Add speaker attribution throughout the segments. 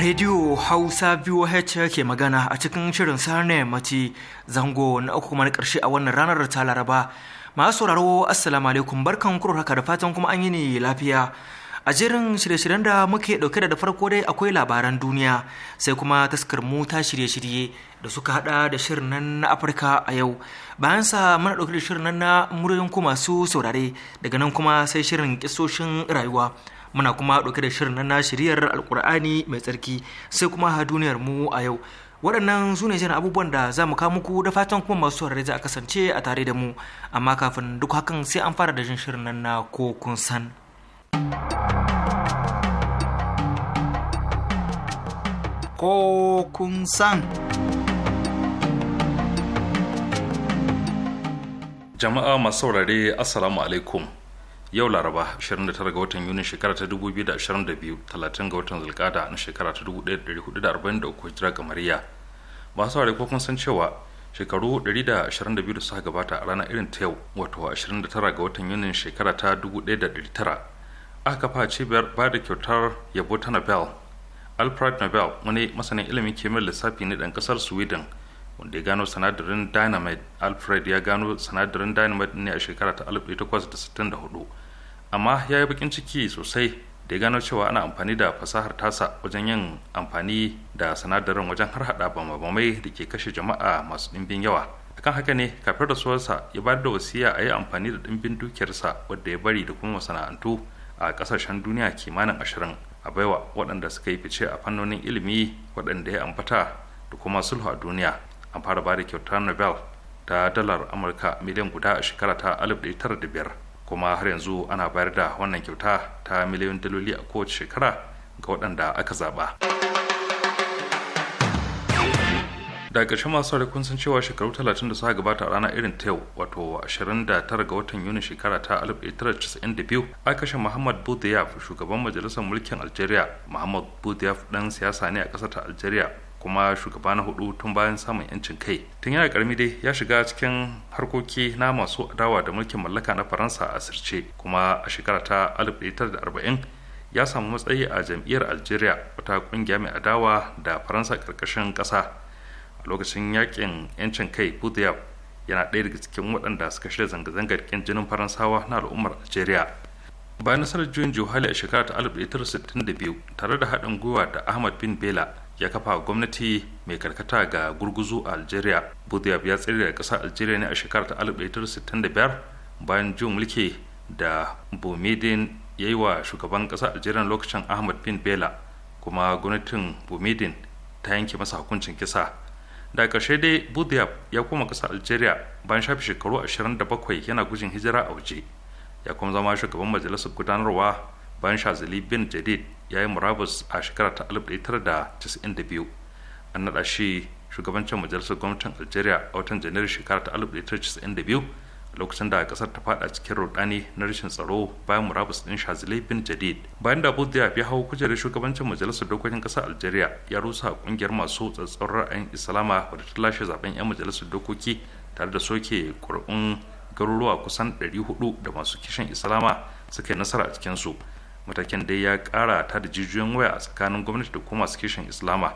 Speaker 1: Radio Hausa VOH ke magana a cikin shirin sarne mace zango na uku kuma na ƙarshe a wannan ranar ta Laraba. Masu sauraro Assalamu alaikum barkan kuro haka da fatan kuma an yi ne lafiya. A jerin shirye-shiryen da muke ɗauke da farko dai akwai labaran duniya sai kuma taskar mu ta shirye-shirye da suka hada da shirin nan na Afirka a yau. Bayan sa muna ɗauke da shirin nan na muryoyin ku masu saurare daga nan kuma sai shirin kisoshin rayuwa. muna kuma ɗauke da shirin na shiriyar alkur'ani mai tsarki sai kuma ha duniyar mu a yau waɗannan su ne jiran abubuwan da za mu kawo muku da fatan kuma masu saurare za a kasance a tare da mu amma kafin duk hakan sai an fara da jin shirin nan na ko kun san ko kun san
Speaker 2: jama'a masu saurare assalamu alaikum yau laraba 29 ga watan yuni shekara ta 2022 30 ga watan zulkada na shekara ta 1443 hijira kamariya masu ware ko kun san cewa shekaru 122 da suka gabata a ranar irin ta yau wato 29 ga watan yuni shekara ta 1900 aka kafa cibiyar ba da kyautar yabo ta nobel alfred nobel wani masanin ilimin kimiyyar lissafi ne dan kasar sweden wanda ya gano sanadarin dynamite alfred ya gano sanadarin dynamite ne a shekara ta 1864 amma ya yi bakin ciki sosai da ya gano cewa ana amfani da fasahar tasa wajen yin amfani da sinadarin wajen har hada bamabamai da ke kashe jama'a masu ɗimbin yawa akan haka ne kafin da rasuwarsa ya bayar da wasiya a yi amfani da ɗimbin dukiyarsa wadda ya bari da kuma masana'antu a kasashen duniya kimanin ashirin a baiwa waɗanda suka yi fice a fannonin ilimi waɗanda ya ambata da kuma sulhu a duniya an fara bada da kyautar nobel ta dalar amurka miliyan guda a shekara ta alif da 1905 kuma har yanzu ana bayar da wannan kyauta ta miliyoyin daloli a kowace shekara ga waɗanda aka zaba da ƙarshe masu rai kun san cewa shekaru 30 da suka gabata a rana irin ta yau wato 29 ga watan yuni shekara ta 1992 a kashe muhammad budiyaf shugaban majalisar mulkin algeria muhammad budiyaf ɗan siyasa ne a ƙasar ta algeria kuma shugaba na hudu tun bayan samun yancin kai tun yana karmi dai ya shiga cikin harkoki na masu adawa da mulkin mallaka na faransa a sirce kuma a shekara ta 1940 ya samu matsayi a jam'iyyar algeria wata kungiya mai adawa da faransa karkashin kasa a lokacin yakin yancin kai budiyab yana ɗaya daga cikin waɗanda suka shirya zanga-zangar kin jinin faransawa na al'ummar algeria bayan nasarar juyin juhali a shekara ta 1962 tare da haɗin gwiwa da ahmad bin bela ya kafa gwamnati mai karkata ga gurguzu a algeria budiyab ya tsere da ƙasar algeria ne a shekarar ta biyar bayan jin mulki da bumidin ya yi wa shugaban ƙasar algeria lokacin ahmad bin bela kuma gwamnatin bumidin ta yanke masa hukuncin kisa da ƙarshe dai budiyab ya koma ƙasar algeria bayan shafin shekaru 27 yana gujin hijira a waje ya kuma zama shugaban majalisar gudanarwa bayan shazali bin jadid ya yi murabus a shekara ta 1992 an naɗa shi shugabancin majalisar gwamnatin algeria a watan janairu shekara ta 1992 lokacin da kasar ta fada cikin rudani na rashin tsaro bayan murabus din shazali bin jadid bayan da budiya ya hau kujerar shugabancin majalisar dokokin kasar algeria ya rusa kungiyar masu tsatsauran ra'ayin islama wadda ta lashe zaben yan majalisar dokoki tare da soke kur'un garuruwa kusan 400 da masu kishin islama suka yi nasara a cikinsu matakin dai ya kara ta da jijiyoyin waya a tsakanin gwamnati da kuma masu islama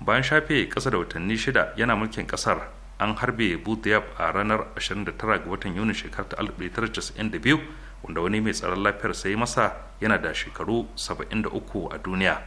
Speaker 2: bayan shafe kasa da watanni shida yana mulkin kasar an harbe butiyaf a ranar 29 ga watan yuni shekarar ta 1992 wanda wani mai tsaron lafiyar sai masa yana da shekaru 73 a duniya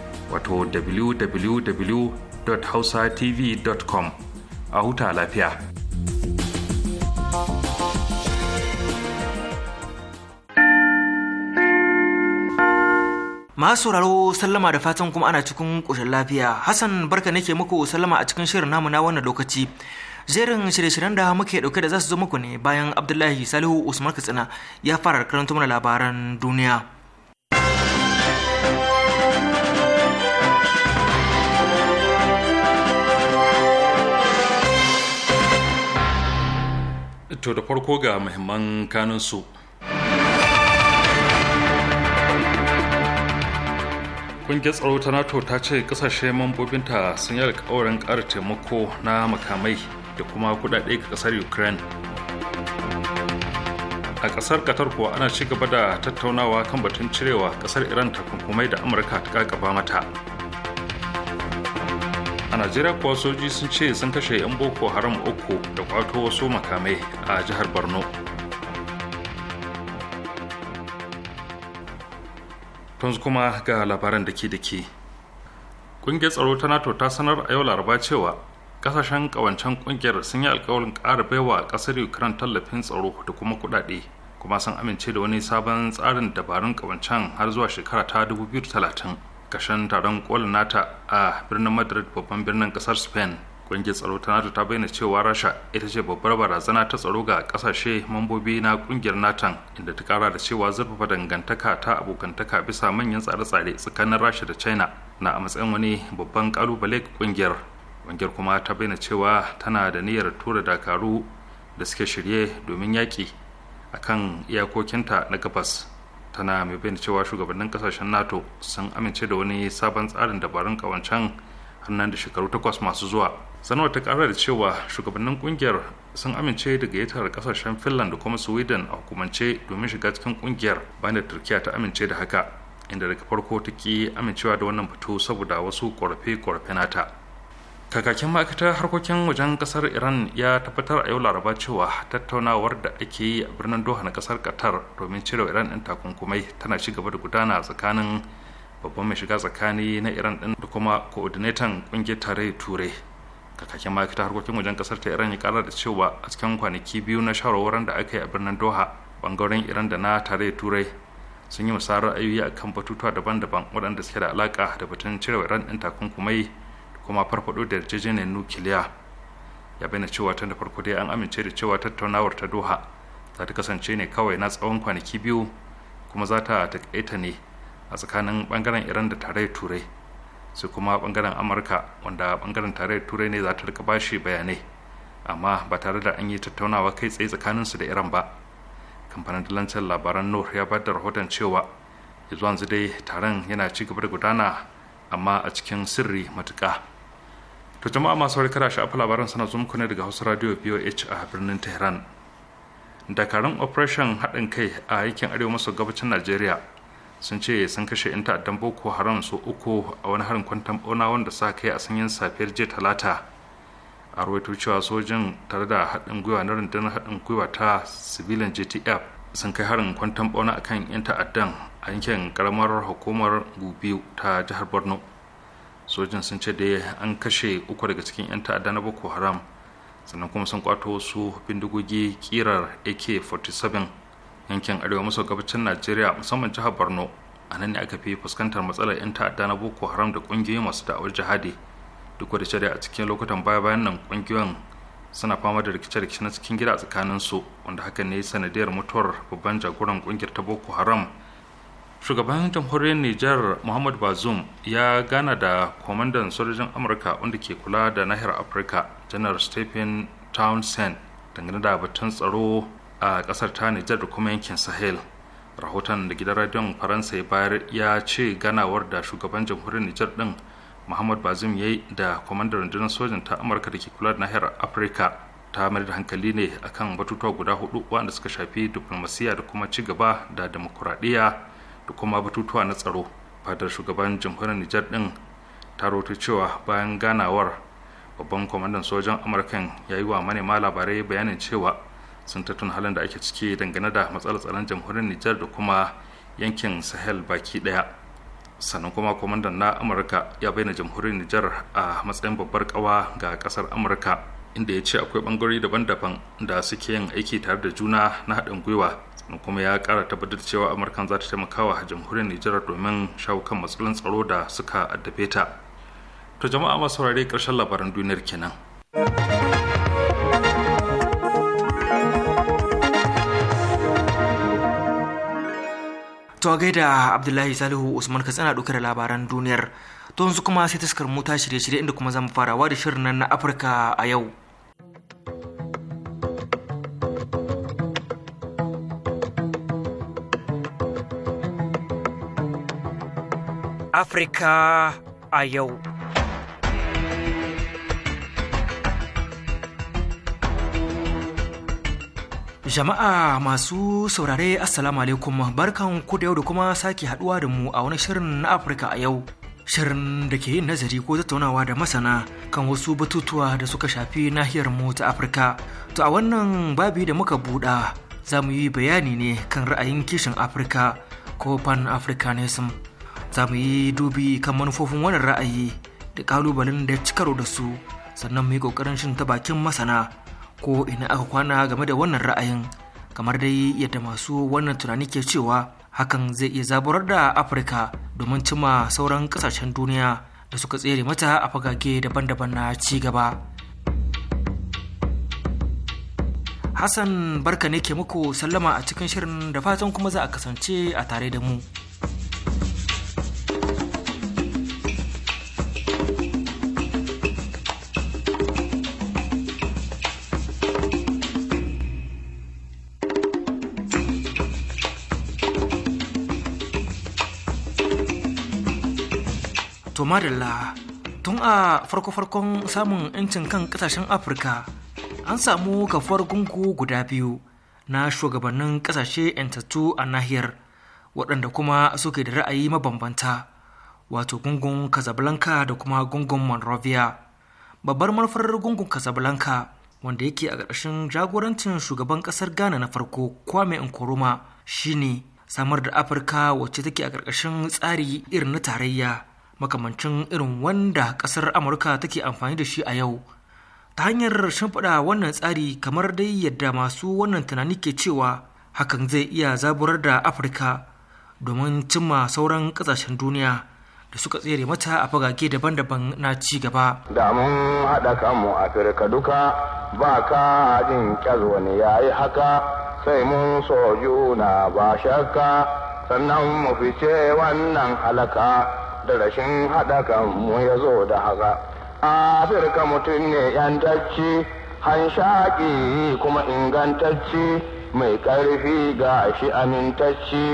Speaker 2: wato www.hausatv.com a huta lafiya.
Speaker 1: Masu sauraro sallama da fatan kuma ana cikin ƙoshin lafiya. Hassan barka nake muku sallama a cikin shirin namu na wannan lokaci. Jerin shirye-shiryen da muke dauke da za su zo muku ne bayan Abdullahi Salihu Usman Katsina ya fara karanta mana labaran duniya.
Speaker 2: To da farko ga muhimman kanunsu. ƙungiyar tsaro ta NATO ta ce kasashe mambobinta sun yi alkawarin ƙara taimako na makamai da kuma kudade ga ƙasar Ukraine. A ƙasar Qatar kuwa ana ci gaba da tattaunawa kan batun cirewa ƙasar Iran takunkumai da Amurka ta ƙaƙaba mata. a najeriya kuwa soji sun ce sun kashe 'yan boko haram uku da kwato wasu makamai a jihar borno tun kuma ga labaran da ke da ke ƙungiyar tsaro ta nato ta sanar a yau laraba cewa kasashen ƙawancen ƙungiyar sun yi alkawarin ƙara baiwa ƙasar ukraine tallafin tsaro da kuma kuɗaɗe kuma sun amince da wani sabon tsarin dabarun ƙawancen har zuwa shekara ta 2030 kashen taron kolin nata a birnin madrid babban birnin kasar spain kungiyar tsaro ta nato ta bayyana cewa rasha ita ce babbar barazana ta tsaro ga kasashe mambobi na kungiyar natan inda ta kara da cewa zurfafa dangantaka ta abokantaka bisa manyan tsare-tsare tsakanin rasha da china na a matsayin wani babban kalubale kungiyar kungiyar kuma ta bayyana cewa tana da niyyar tura dakaru da suke shirye domin yaƙi akan iyakokinta na gabas tana mai bayyana cewa shugabannin kasashen nato sun amince da wani sabon tsarin dabarun kawancan hannun da shekaru takwas masu zuwa sanarwa ta kara da cewa shugabannin ƙungiyar sun amince da gayyatar kasashen finland da kuma sweden a hukumance domin shiga cikin kungiyar bayan da turkiya ta amince da haka inda daga farko ta ki amincewa da wannan fito saboda wasu korafe-korafe nata kakakin ma'aikatar harkokin wajen kasar iran ya tabbatar a yau laraba cewa tattaunawar da ake yi a birnin doha na kasar qatar domin cire iran ɗin takunkumai tana ci gaba da gudana tsakanin babban mai shiga tsakani na iran din da kuma coordinator ƙungiyar tare turai kakakin ma'aikatar harkokin wajen kasar ta iran ya kara da cewa a cikin kwanaki biyu na shawarwarin da aka yi a birnin doha bangaren iran da na tare turai sun yi musayar ra'ayoyi akan batutuwa daban-daban waɗanda suke da alaƙa da batun cire iran ɗin takunkumai kuma farfado da yarjejeniyar nukiliya ya bayyana cewa tun da farko dai an amince da cewa tattaunawar ta doha za ta kasance ne kawai na tsawon kwanaki biyu kuma za ta takaita ne a tsakanin bangaren iran da tarayyar turai sai kuma bangaren amurka wanda bangaren tarayyar turai ne za ta rika bashi bayanai amma ba tare da an yi tattaunawa kai tsaye tsakaninsu da iran ba kamfanin dalancin labaran nur ya da rahoton cewa yanzu dai taron yana ci gaba da gudana amma a cikin sirri matuƙa to jama'a masu warkar shi afa labaran sana zo muku ne daga hausa radio boh a birnin tehran dakarun operation haɗin kai a yankin arewa maso gabacin najeriya sun ce sun kashe 'yan ta'addan boko haram su uku a wani harin kwantan bauna wanda sa kai a sanyin safiyar jiya talata a rawaito cewa sojin tare da haɗin gwiwa na rundunar haɗin gwiwa ta civilian gtf sun kai harin kwantan bauna kan 'yan ta'addan a yankin karamar hukumar gubiu ta jihar borno sojin sun ce dai an kashe uku daga cikin 'yan ta'adda na boko haram sannan kuma sun kwato wasu bindigogi kirar ak-47 yankin arewa maso gabacin najeriya musamman jihar borno a nan ne aka fi fuskantar matsalar 'yan ta'adda na boko haram da kungiyoyi masu da'awar jihadi duk da shari'a cikin lokutan baya bayan nan kungiyoyin suna fama da rikice-rikice na cikin gida tsakanin su wanda hakan ne sanadiyar mutuwar babban jagoran kungiyar ta boko haram shugaban jamhuriyar niger muhammad bazoum ya gana da kwamandan sojojin amurka wanda ke kula da nahiyar afirka janar stephen townsend dangane da batun tsaro a kasar ta niger da kuma yankin sahel rahoton da gidan radiyon faransa ya bayar ya ce ganawar da shugaban jamhuriyar niger din muhammad bazum ya yi da kwamandan rundunar sojin ta amurka da ke kula da nahiyar afirka ta mayar da hankali ne akan batutuwa guda hudu wanda suka shafi diplomasiya da kuma ci gaba da demokuraɗiyya da kuma batutuwa na tsaro fadar shugaban jamhuriyar nijar din ta cewa bayan ganawar babban kwamandan sojan amurkan ya yi wa manema labarai bayanin cewa sun tattun halin da ake ciki dangane da matsalar tsaron jamhuriyar nijar da kuma yankin sahel baki daya sannan kuma kwamandan na amurka ya bayyana jamhuriyar nijar a matsayin babbar kawa ga kasar amurka inda ya ce akwai bangarori daban-daban da suke yin aiki tare da juna na haɗin gwiwa kuma ya kara tabbatar cewa amurkan za ta taimaka wa jamhuriyar nijar domin shawo kan matsalolin tsaro da suka addabe ta to jama'a masu saurare karshen labaran duniyar kenan
Speaker 1: to da abdullahi salihu usman katsina tsana da labaran duniyar to yanzu kuma sai taskar mota shirye-shirye inda kuma zan farawa da shirin na afirka a yau Afirka a yau. Jama'a masu saurare Assalamu alaikum barkan ku da yau da kuma sake haduwa da mu a wani shirin na Afirka a yau. Shirin da ke yin nazari ko tattaunawa da masana kan wasu batutuwa da suka shafi nahiyar mu ta Afirka. To a wannan babi da muka buɗa za mu yi bayani ne kan ra'ayin kishin Afirka ko Pan-Africanism. za mu yi dubi kan manufofin wannan ra'ayi da kalubalen da ya ci karo da su sannan mu yi kokarin shin ta bakin masana ko ina aka kwana game da wannan ra'ayin kamar dai yadda masu wannan tunani ke cewa hakan zai iya zaburar da afirka domin cima sauran kasashen duniya da suka tsere mata a fagage daban-daban na ci gaba hassan barka ne ke muku sallama a cikin shirin da fatan kuma za a kasance a tare da mu. madalla tun a farko-farkon samun 'yancin kan kasashen afirka an samu kafuwar gungu guda biyu na shugabannin kasashe 'yantattu a nahiyar waɗanda kuma suke da ra'ayi mabambanta wato gungun casablanca da kuma gungun monrovia babbar manufar gungun casablanca wanda yake a ƙarƙashin jagorancin shugaban ƙasar ghana na farko kwame nkrumah shine samar da afirka wacce take a ƙarƙashin tsari irin na tarayya makamancin irin wanda ƙasar amurka take amfani da shi a yau ta hanyar shimfiɗa wannan tsari kamar dai yadda masu wannan tunani ke cewa hakan zai iya zaburar da afirka domin cimma sauran ƙasashen duniya da suka tsere mata a fagage daban-daban na ci gaba.
Speaker 3: Da mun haɗa kanmu Afirka duka ba ka jin ƙyar wani ya yi haka sai mun so juna ba shakka sannan mu fice wannan halaka. da rashin kan mu ya zo da haka afirka mutum ne yantacci hanshaƙi kuma ingantacci mai ƙarfi ga shi amintacci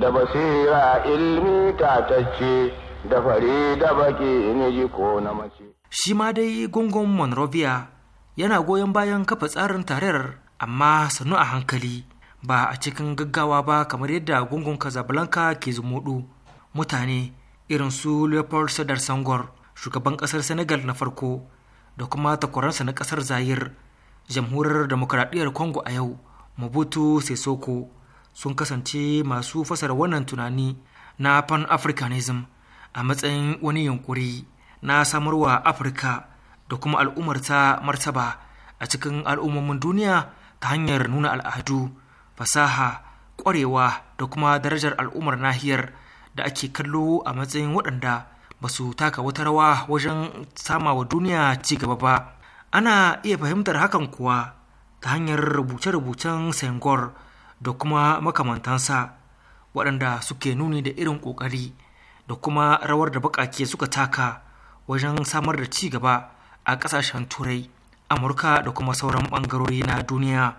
Speaker 3: da basira ilmi tatacci da fari da
Speaker 1: baki ne ji ko na mace. shi ma dai gungun monrovia yana goyon bayan kafa tsarin tarayyar amma sannu a hankali ba a cikin gaggawa ba kamar yadda gungun casablanca ke zumuɗu mutane irin su leopold sadar sangor shugaban kasar senegal na farko da kuma takwaransa na kasar zayir jamhuriyar demokradiyyar congo a yau mobutu sesoko sun kasance masu fasara wannan tunani na pan-africanism a matsayin wani yunkuri na samarwa afirka da kuma al'ummarta martaba a cikin al'ummomin duniya ta hanyar nuna al'adu fasaha ƙwarewa da kuma darajar al'ummar nahiyar da ake kallo a matsayin waɗanda ba su taka wata rawa wajen sama wa duniya ci gaba ba ana iya fahimtar hakan kuwa ta hanyar rubuce-rubucen sengor da kuma makamantansa waɗanda suke nuni da irin ƙoƙari da kuma rawar da baƙaƙe suka taka wajen samar da ci gaba a ƙasashen turai amurka da kuma sauran ɓangarori na duniya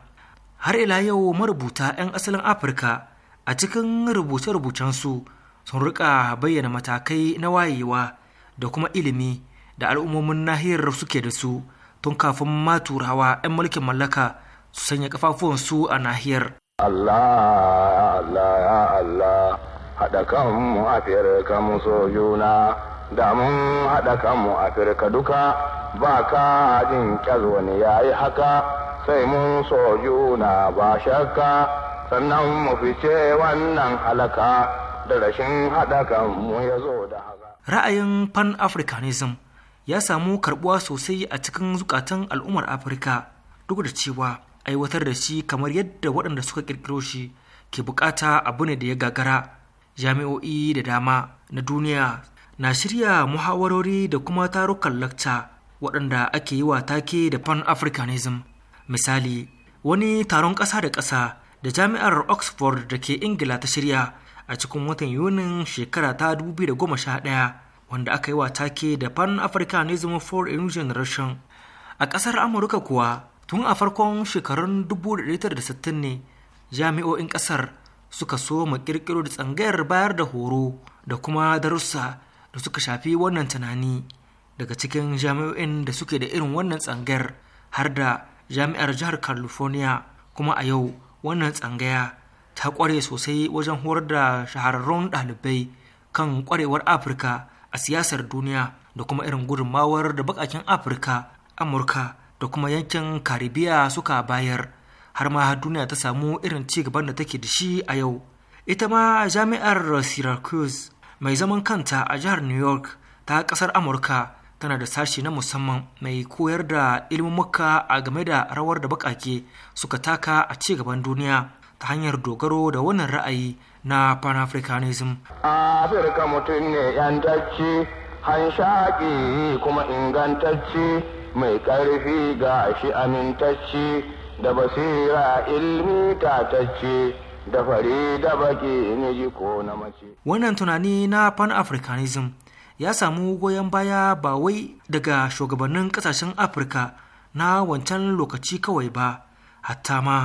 Speaker 1: har ila yau marubuta 'yan asalin afirka a cikin rubuce-rubucensu sun rika bayyana matakai na wayewa da kuma ilimi da al'ummomin nahiyar suke da su tun kafin ma turawa 'yan mulkin mallaka su sanya kafafuwansu a nahiyar.
Speaker 3: Allah Allah ya Allah haɗa kanmu Afirka firka muso juna da mun haɗa kanmu Afirka duka ba ka jin wani ya yi haka sai mun so juna ba shakka sannan mu fice wannan halaka. da rashin haɗa mu ya zo da haka.
Speaker 1: Ra'ayin Pan-Africanism ya samu karɓuwa sosai a cikin zukatan al'ummar Afirka duk da cewa aiwatar da shi kamar yadda waɗanda suka ƙirƙiro shi ke buƙata abu ne da ya gagara jami'o'i da dama na duniya na shirya muhawarori da kuma tarukan lacca waɗanda ake yi wa take da pan-africanism misali wani taron ƙasa da ƙasa da jami'ar oxford da ke ingila ta shirya a cikin watan yunin shekara ta 2011 wanda aka yi wa take da pan africanism for a new generation a ƙasar amurka kuwa tun a farkon shekarun 1960 ne jami'o'in ƙasar suka so mu ƙirƙiro da tsangayar bayar da horo da kuma darussa da suka shafi wannan tunani daga cikin jami'o'in da suke da irin wannan tsangayar har da jami'ar jihar california kuma a yau wannan tsangaya ta ƙware sosai wajen horar da shahararrun ɗalibai kan ƙwarewar afirka a siyasar duniya da kuma irin gudunmawar da bakakin afirka amurka da kuma yankin karibiya suka bayar har ma duniya ta samu irin ci gaban da take da shi a yau ita ma jami'ar syracuse mai zaman kanta a jihar new york ta ƙasar amurka tana da sashi na musamman mai koyar da muka a game da rawar da bakake suka taka a ci gaban duniya ta hanyar dogaro da wannan ra'ayi na panafricanism
Speaker 3: afirka mutum ne yantacce hanshaƙi kuma ingantacce mai ƙarfi ga shi amintacce da basira ilmi tatacce da fari da baki ne ji ko na mace
Speaker 1: wannan tunani na pan-africanism ya samu goyon baya ba wai daga shugabannin kasashen afirka na wancan lokaci kawai ba hatta ma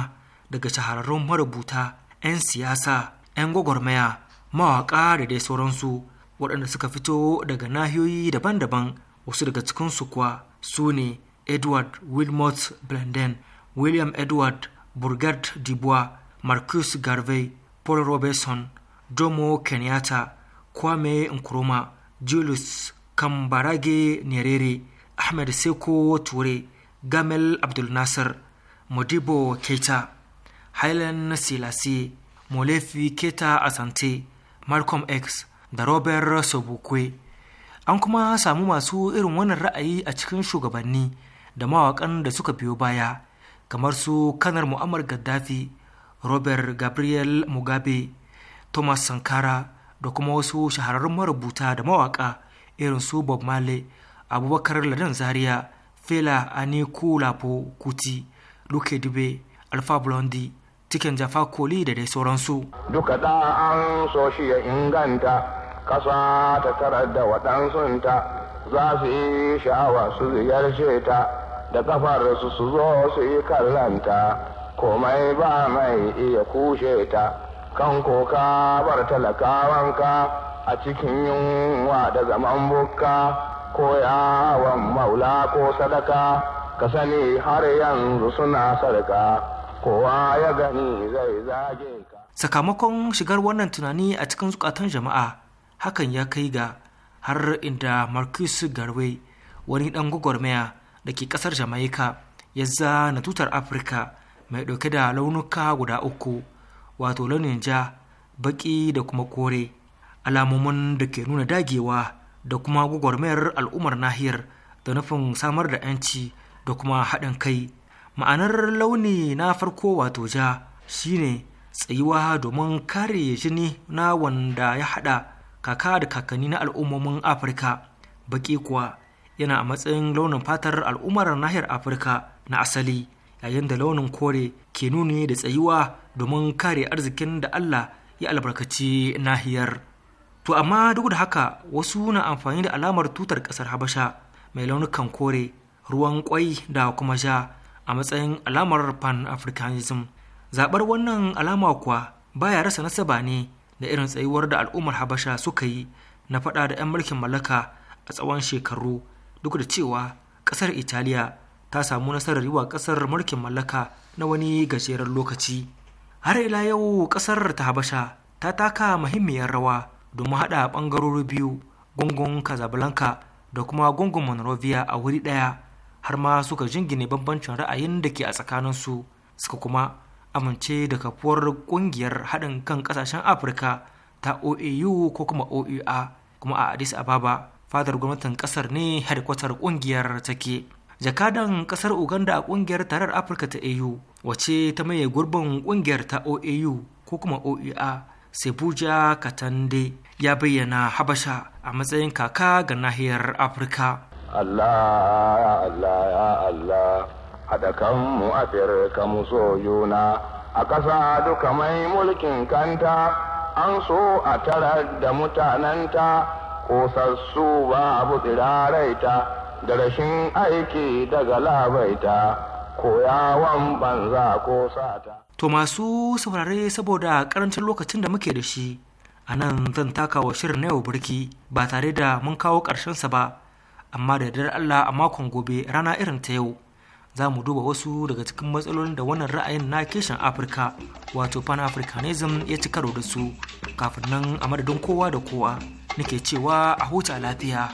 Speaker 1: daga shahararrun marubuta 'yan siyasa 'yan gwagwarmaya mawaƙa da dai sauransu waɗanda suka fito daga nahiyoyi daban-daban wasu daga cikinsu kuwa su ne edward wilmot blenden william edward burgard dubois marcus garvey paul robertson Domo kenyatta kwame nkrumah julius kambarage nerere ahmed seko ture gamel abdul modibo keita Hailen Selassie, Molefi Keta Asante, Malcolm X da Robert Sobukwe. An kuma samu masu irin wannan ra'ayi a cikin shugabanni da mawakan da suka biyo baya, kamar su kanar Muammar Gaddafi, Robert Gabriel Mugabe, Thomas Sankara da kuma wasu shahararrun marubuta da mawaka irin su Bob Marley, Abubakar Ladan Zaria, Fela Anikulapo Kuti, Luke Dube, Alpha Blondie cikin jafa koli da dai sauransu duka
Speaker 3: da an so shi ya inganta kasa ta tarar da waɗansunta za su yi sha'awa su ziyarce ta da ƙafarsu su zo su yi kallanta komai ba mai iya kushe ta kan koka bar talakawanka a cikin yunwa da zaman bukka ko yawon maula ko sadaka ka sani har yanzu suna sarka kowa ya gani zai zage ka.
Speaker 1: Sakamakon shigar wannan tunani a cikin zukatan jama'a hakan ya kai ga har inda Marcus Garvey wani ɗan gwagwarmaya da ke kasar jamaika ya zana tutar Afirka mai ɗauke da launuka guda uku wato launin ja, baki da kuma kore alamomin da ke nuna dagewa da kuma gwagwarmayar al'ummar nahiyar da nufin samar da 'yanci da kuma haɗin kai. ma'anar launi na farko wato ja shine tsayuwa domin kare jini na wanda ya haɗa kaka da kakanni na al'ummomin afirka baki kuwa yana a matsayin launin fatar al'ummar nahiyar afirka na asali yayin da launin kore ke nuni da tsayuwa domin kare arzikin da allah ya albarkaci nahiyar to amma duk da haka wasu na amfani da alamar tutar ƙasar habasha mai launukan kore ruwan kwai da kuma ja a matsayin alamar pan-africanism zaɓar wannan alama kuwa baya rasa nasaba ne da irin tsayuwar da al'ummar habasha suka yi na faɗa da 'yan mulkin mallaka a tsawon shekaru duk da cewa ƙasar italiya ta samu nasarar yi wa ƙasar mulkin mallaka na wani gajeren lokaci har ila yau ƙasar ta habasha ta taka muhimmiyar rawa domin haɗa ɓangarori biyu gungun casablanca da kuma gungun monrovia a wuri ɗaya har ma suka jingine bambancin ra'ayin da ke a tsakaninsu suka kuma amince da kafuwar kungiyar haɗin kan ƙasashen afirka ta oau ko kuma OEA kuma a addis ababa fadar gwamnatin ƙasar ne hadkwatar kungiyar take jakadan ƙasar uganda a kungiyar tarar afirka ta au wace ta maye gurbin kungiyar ta oau ko kuma oea sebuja katande ya bayyana habasha a matsayin kaka ga nahiyar afirka
Speaker 3: Allah ya Allah ya Allah haɗa kanmu a ka mu so yuna a ƙasa duka mai mulkin kanta an so a tarar da mutanenta kosassu babu tsiraraita da rashin aiki daga labaita
Speaker 1: koyawan banza ko sata. To masu saurare saboda karancin lokacin da muke da shi, a nan zan taka wa shirin na yau birki ba tare da mun kawo ƙarshensa ba. amma da yardar Allah a makon gobe rana irin ta yau za mu duba wasu daga cikin matsalolin da wannan ra'ayin na keshin afirka wato pan-africanism ya ci karo da su kafin nan a madadin kowa da kowa nake cewa a huta lafiya.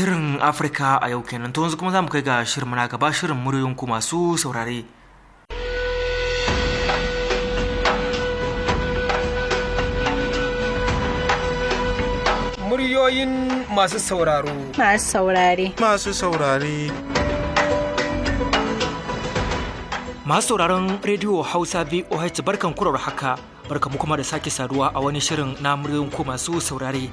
Speaker 1: Shirin Afirka a yau kenan to yanzu kuma za mu kai ga shirin na gaba shirin muryoyin ku masu saurare. Muryoyin masu sauraro.
Speaker 4: Masu saurare. Masu saurare.
Speaker 1: Masu sauraron rediyo Hausa VOH barkan kurar haka barkamu kuma da sake saduwa a wani shirin na muryoyin ku masu saurare.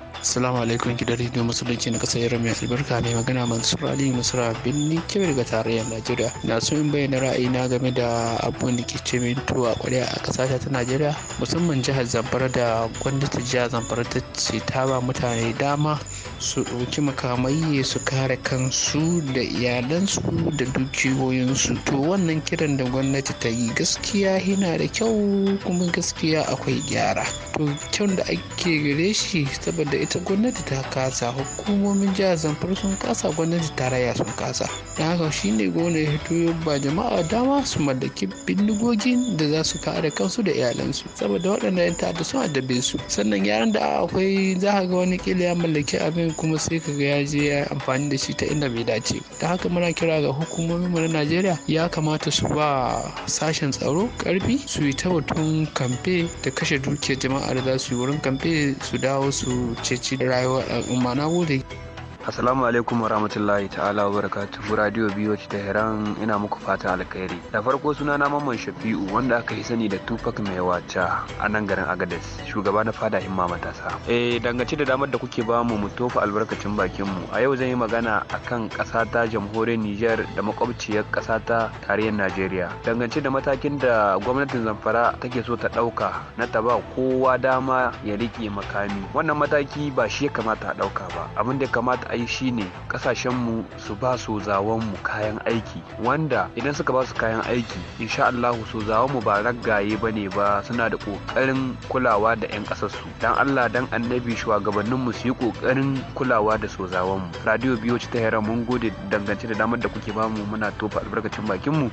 Speaker 5: Assalamu alaikum gidan rediyo musulunci na kasar Iran mai albarka mai magana Mansur Ali Musra Binni Kebir ga tarayyar Najeriya. Na so in bayyana ra'ayina game da abubuwan da ke ce min kwarya a kasata ta Najeriya musamman jihar Zamfara da gwamnatin jihar Zamfara ta ce ta ba mutane dama su ɗauki makamai su kare kansu da iyalansu da dukiyoyinsu to wannan kiran da gwamnati ta yi gaskiya yana da kyau kuma gaskiya akwai gyara to kyau da ake gare shi saboda ita ita gwamnati ta kasa hukumomin jihar zamfara sun kasa gwamnati tarayya sun kasa don haka shine gwamnati ya fito ba jama'a dama su mallaki bindigogin da za su kare kansu da iyalansu saboda waɗanda yan ta'adda sun addabe su sannan yaran da akwai za ka ga wani kila ya mallaki abin kuma sai ka ga ya je ya amfani da shi ta inda bai dace don haka muna kira ga hukumomin mu na Najeriya ya kamata su ba sashen tsaro karfi su yi ta batun kamfe da kashe dukiyar jama'a da za su yi wurin kamfe su dawo su ce ci rayuwar eh, al'umma na gode
Speaker 6: Assalamu alaikum wa rahmatullahi ta'ala wa barakatuhu Radio ta Tehran ina muku fata alkhairi. Da farko suna na Mamman Shafi'u wanda aka yi sani da Tupac mai wata a nan garin Agadez, shugaba na fada himma matasa. Eh dangance da damar da kuke ba mu mu tofa albarkacin bakin mu. A yau zan yi magana akan ƙasa ta jamhuriyar Nijar da makwabciyar ƙasa ta tarayyar Najeriya. Dangance da matakin da gwamnatin Zamfara take so ta ɗauka na ta ba kowa dama ya riƙe makami. Wannan mataki ba shi ya kamata a ɗauka ba. Abin da ya kamata a shine kasashen mu su ba mu kayan aiki wanda idan suka ba su kayan aiki insha Allah mu ba raggaye ba ba suna da ƙoƙarin kulawa da 'yan ƙasarsu dan Allah dan annabi mu su yi ƙoƙarin kulawa da mu radio biyo ta hera mun gode dangance da damar da kuke bamu muna tofa albarkacin mu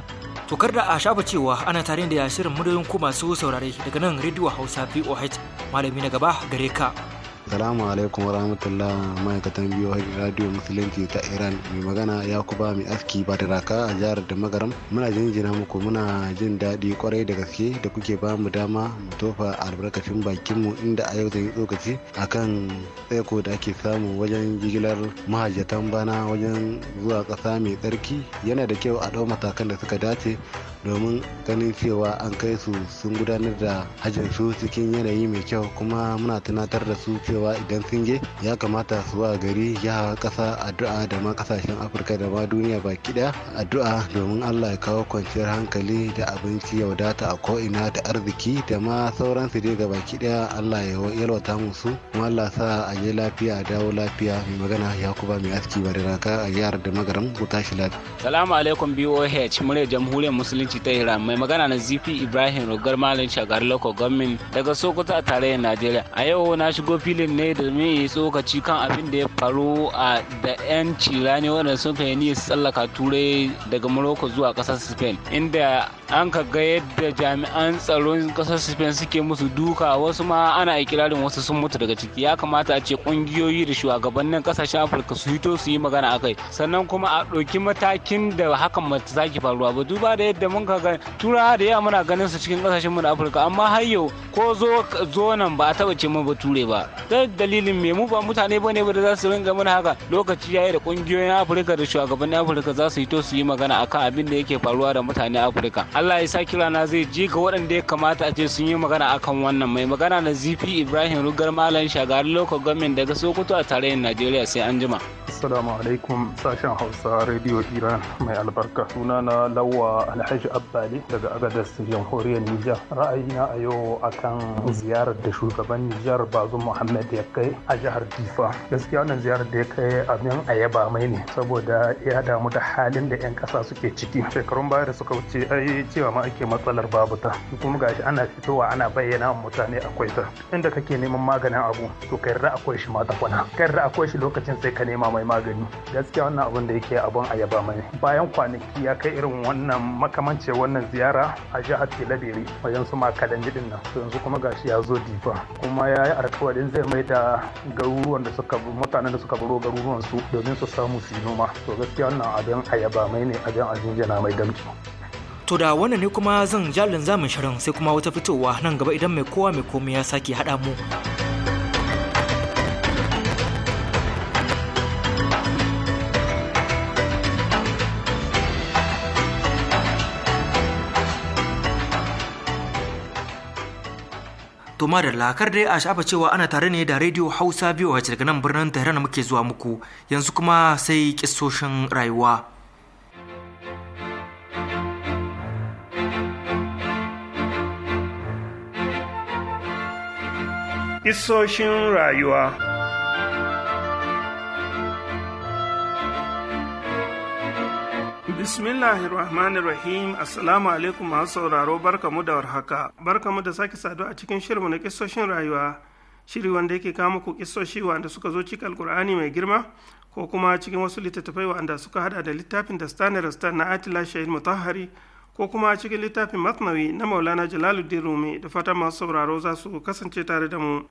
Speaker 6: to kar da a shafa cewa
Speaker 1: ana tare da shirin muryoyin ku masu saurare daga nan radio hausa voh malami na gaba gare ka
Speaker 7: Salamu alaikum wa rahmatullah ma'aikatan biyu radio musulunci ta Iran mai magana ya kuba mai aski ba da raka a jihar da magaram muna jinjina muku muna jin daɗi kwarai da gaske da kuke ba mu dama mu tofa albarkacin bakin inda a yau zan yi tsokaci akan tsaiko da ake samu wajen jigilar mahajjatan bana wajen zuwa ƙasa mai tsarki yana da kyau a ɗau matakan da suka dace domin ganin cewa an kai su sun gudanar da hajjinsu cikin yanayi mai kyau kuma muna tunatar da su cewa cewa idan sun je ya kamata su wa gari ya kasa addu'a da ma kasashen afirka da ma duniya baki daya addu'a domin allah ya kawo kwanciyar hankali da abinci ya wadata a ko'ina da arziki da ma sauran su dai baki daya allah ya yalwata musu kuma allah sa a je lafiya a dawo lafiya mai magana kuba mai aski ba raka a
Speaker 4: yar da magaram ku tashi lafiya. salamu alaikum boh murya jamhuriyar musulunci ta iran mai magana na zifi ibrahim rogar malin shagar loko gwamnati daga sokoto a tarayyar najeriya a yau na shigo filin shirin ne domin ya yi tsokaci kan abin da ya faru a da 'yan cirani waɗanda sun kai niyyar tsallaka turai daga morocco zuwa ƙasar spain inda an ka ga yadda jami'an tsaron ƙasar spain suke musu duka wasu ma ana ikirarin wasu sun mutu daga ciki ya kamata a ce ƙungiyoyi da shugabannin ƙasashen afirka su hito su yi magana akai sannan kuma a ɗauki matakin da hakan ba ta sake faruwa ba duba da yadda mun ka ga turawa da yawa muna ganin su cikin ƙasashen mu na afirka amma har yau ko zo nan ba a taɓa ce mun ba ture ba da dalilin me mu ba mutane ba ne ba da za su ringa mana haka lokaci yayi da kungiyoyin afirka da shugabannin afirka za su yi to su yi magana akan abin da yake faruwa da mutane afirka allah ya sa na zai ji ga waɗanda ya kamata a ce sun yi magana akan wannan mai magana na zifi ibrahim rugar malam shagari local government daga sokoto a tarayyar najeriya sai an jima
Speaker 8: assalamu alaikum sashen hausa radio iran mai albarka sunana na lawa alhaji abbali daga agadas jamhuriyar nijar ra'ayina a yau akan ziyarar da shugaban nijar bazu muhammad da ya kai a jihar difa gaskiya wannan ziyarar da ya kai abin a yaba mai ne saboda ya damu da halin da 'yan kasa suke ciki shekarun baya da suka wuce ai cewa ma ake matsalar babu ta kuma gashi ana fitowa ana bayyana wa mutane akwai ta inda kake neman maganin abu to ka yarda akwai shi ma tafana ka yarda akwai shi lokacin sai ka nema mai magani gaskiya wannan abin da yake abin a yaba mai bayan kwanaki ya kai irin wannan makamance wannan ziyara a jihar Tilabiri wajen su makalan jidin nan yanzu kuma gashi ya zo difa kuma ya yi alkawarin zai mai da garuruwan da suka mutanen da suka baro garuruwan su domin su samu su noma to gaskiya wannan abin ayaba mai ne abin na mai damki
Speaker 1: To da wannan ne kuma zan jalin zamin shirin sai kuma wata fitowa nan gaba idan mai kowa mai komai ya sake haɗa mu. To da dai a shafa cewa ana tare ne da Radio Hausa biyu a daga nan birnin Tehran muke zuwa muku yanzu kuma sai kisoshin rayuwa.
Speaker 9: kisoshin rayuwa Bismillahirrahmanirrahim Assalamu alaikum masu sauraro barkamu da warhaka barkamu da sake saduwa a cikin shirinmu na kisoshin rayuwa shiri wanda yake kama ku kisoshi wanda suka zo cikin alkur'ani mai girma ko kuma cikin wasu littattafai wanda suka hada da littafin da stanley Rastan na atila shahid mutahari ko kuma cikin littafin Matnawi na maulana jalaluddin rumi da fatan masu sauraro za su kasance tare da mu.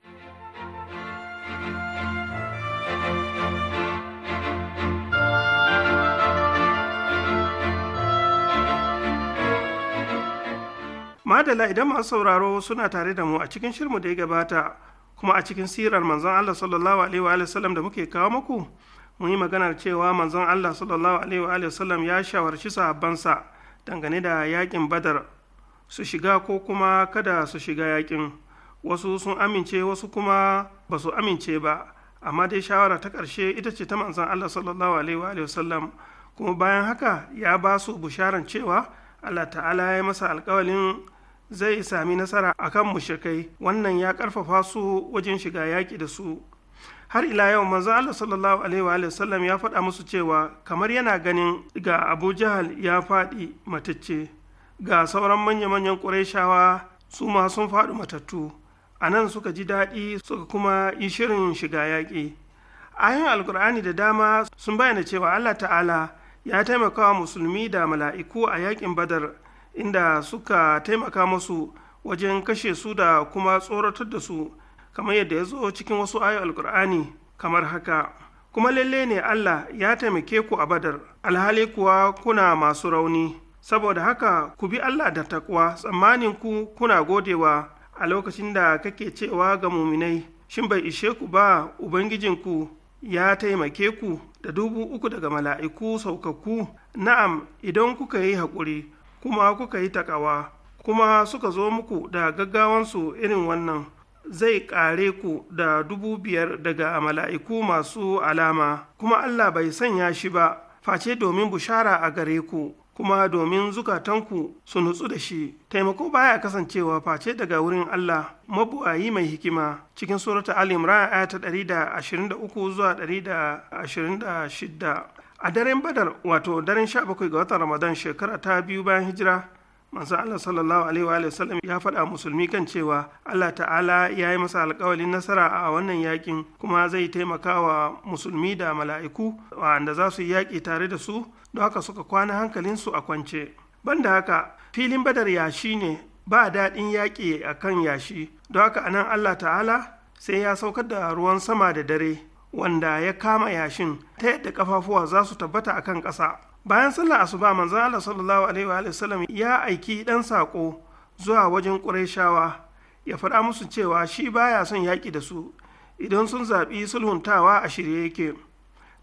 Speaker 9: madala idan masu sauraro suna tare da mu a cikin shirmu da ya gabata kuma a cikin sirar manzon Allah sallallahu alaihi wa sallam da muke kawo muku mun yi maganar cewa manzon Allah sallallahu alaihi wa sallam ya shawarci sahabbansa dangane da yakin Badar su shiga ko kuma kada su shiga yakin wasu sun amince wasu kuma ba su amince ba amma dai shawara ta ƙarshe ita ce ta manzon Allah sallallahu alaihi wa sallam kuma bayan haka ya ba su bisharan cewa Allah ta'ala ya masa alƙawalin zai sami nasara a kan mushrikai wannan ya ƙarfafa su wajen shiga yaƙi da su har ila yau manzo Allah sallallahu alaihi wa sallam ya faɗa musu cewa kamar yana ganin ga Abu Jahal ya faɗi matacce ga sauran manya-manyan Qurayshawa su ma sun faɗi matattu a nan suka ji daɗi suka kuma yi shirin shiga yaƙi ayoyin alkur'ani da dama sun bayyana cewa Allah ta'ala ya taimakawa musulmi da mala'iku a yaƙin badar inda suka taimaka musu wajen kashe su da kuma tsoratar da su kamar yadda ya zo cikin wasu ayoyin alkur'ani kamar haka kuma lalle ne Allah ya taimake ku a badar alhali kuwa kuna masu rauni saboda haka ku bi Allah da takwa tsammanin ku kuna godewa a lokacin da kake cewa ga muminai shin bai ishe ku ba ubangijinku ya taimake ku da dubu uku daga mala'iku saukakku na'am idan kuka yi haƙuri kuma kuka yi takawa kuma suka zo muku da gaggawansu irin wannan zai ƙare ku da dubu biyar daga mala'iku masu alama kuma Allah bai sanya shi ba face domin bushara a gare ku kuma domin zukatanku su nutsu da shi taimako baya kasancewa face daga wurin Allah mabuwayi mai hikima cikin surata al-imran ta 123 zuwa 126 a daren badar wato daren sha bakwai ga watan ramadan shekara ta biyu bayan hijira manzo Allah sallallahu alaihi wa sallam ya faɗa musulmi kan cewa Allah ta'ala ya yi masa alƙawalin nasara a wannan yakin kuma zai taimaka wa musulmi da mala'iku wanda za su yi yaƙi tare da su don haka suka kwana hankalinsu a kwance banda haka filin badar yashi ne ba daɗin yaƙi a kan yashi don haka anan Allah ta'ala sai ya saukar da ruwan sama da dare wanda ya kama yashin ta yadda kafafuwa za su tabbata a kan ƙasa bayan sallar asuba manzon Allah sallallahu alaihi wa sallam ya aiki ɗan saƙo zuwa wajen Qurayshawa ya faɗa musu cewa shi baya son yaƙi da su idan sun zaɓi sulhuntawa a shirye yake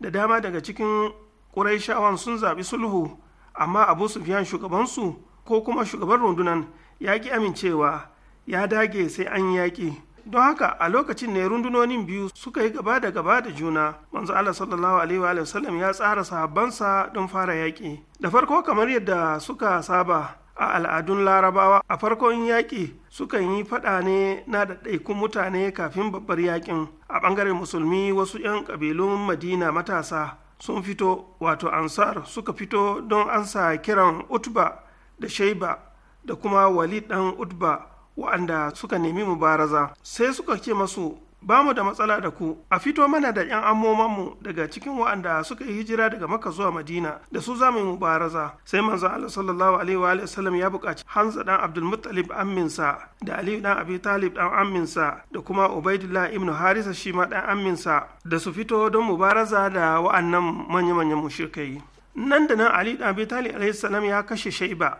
Speaker 9: da dama daga cikin Qurayshawan sun zaɓi sulhu amma abu sufyan shugabansu ko kuma shugaban rundunan ya ƙi amincewa ya dage sai an yaƙi don haka a lokacin ne rundunonin biyu suka yi gaba da gaba da juna manzo Allah sallallahu alaihi wa sallam ya tsara sahabbansa don fara yaƙi da farko kamar yadda suka saba a al'adun larabawa a farkon yaƙi sukan yi faɗa ne na daɗaikun mutane kafin babbar yaƙin a ɓangaren musulmi wasu 'yan ƙabilun madina matasa sun fito wato ansar suka fito don ansa kiran utba da shaiba da kuma walid ɗan utba waɗanda suka nemi mubaraza sai suka ce masu ba mu da matsala da ku a fito mana da 'yan ammomanmu daga cikin waɗanda suka yi hijira daga maka zuwa madina da su za mu yi mubaraza sai manzon allah sallallahu alaihi wa sallam ya buƙaci hanza ɗan abdulmuttalib amminsa da aliyu dan abi talib dan amminsa da kuma ubaidillah ibnu harisa shi ma dan amminsa da su fito don mubaraza da wa'annan manya-manyan mushrikai nan da nan ali dan abi talib alaihi salam ya kashe shaiba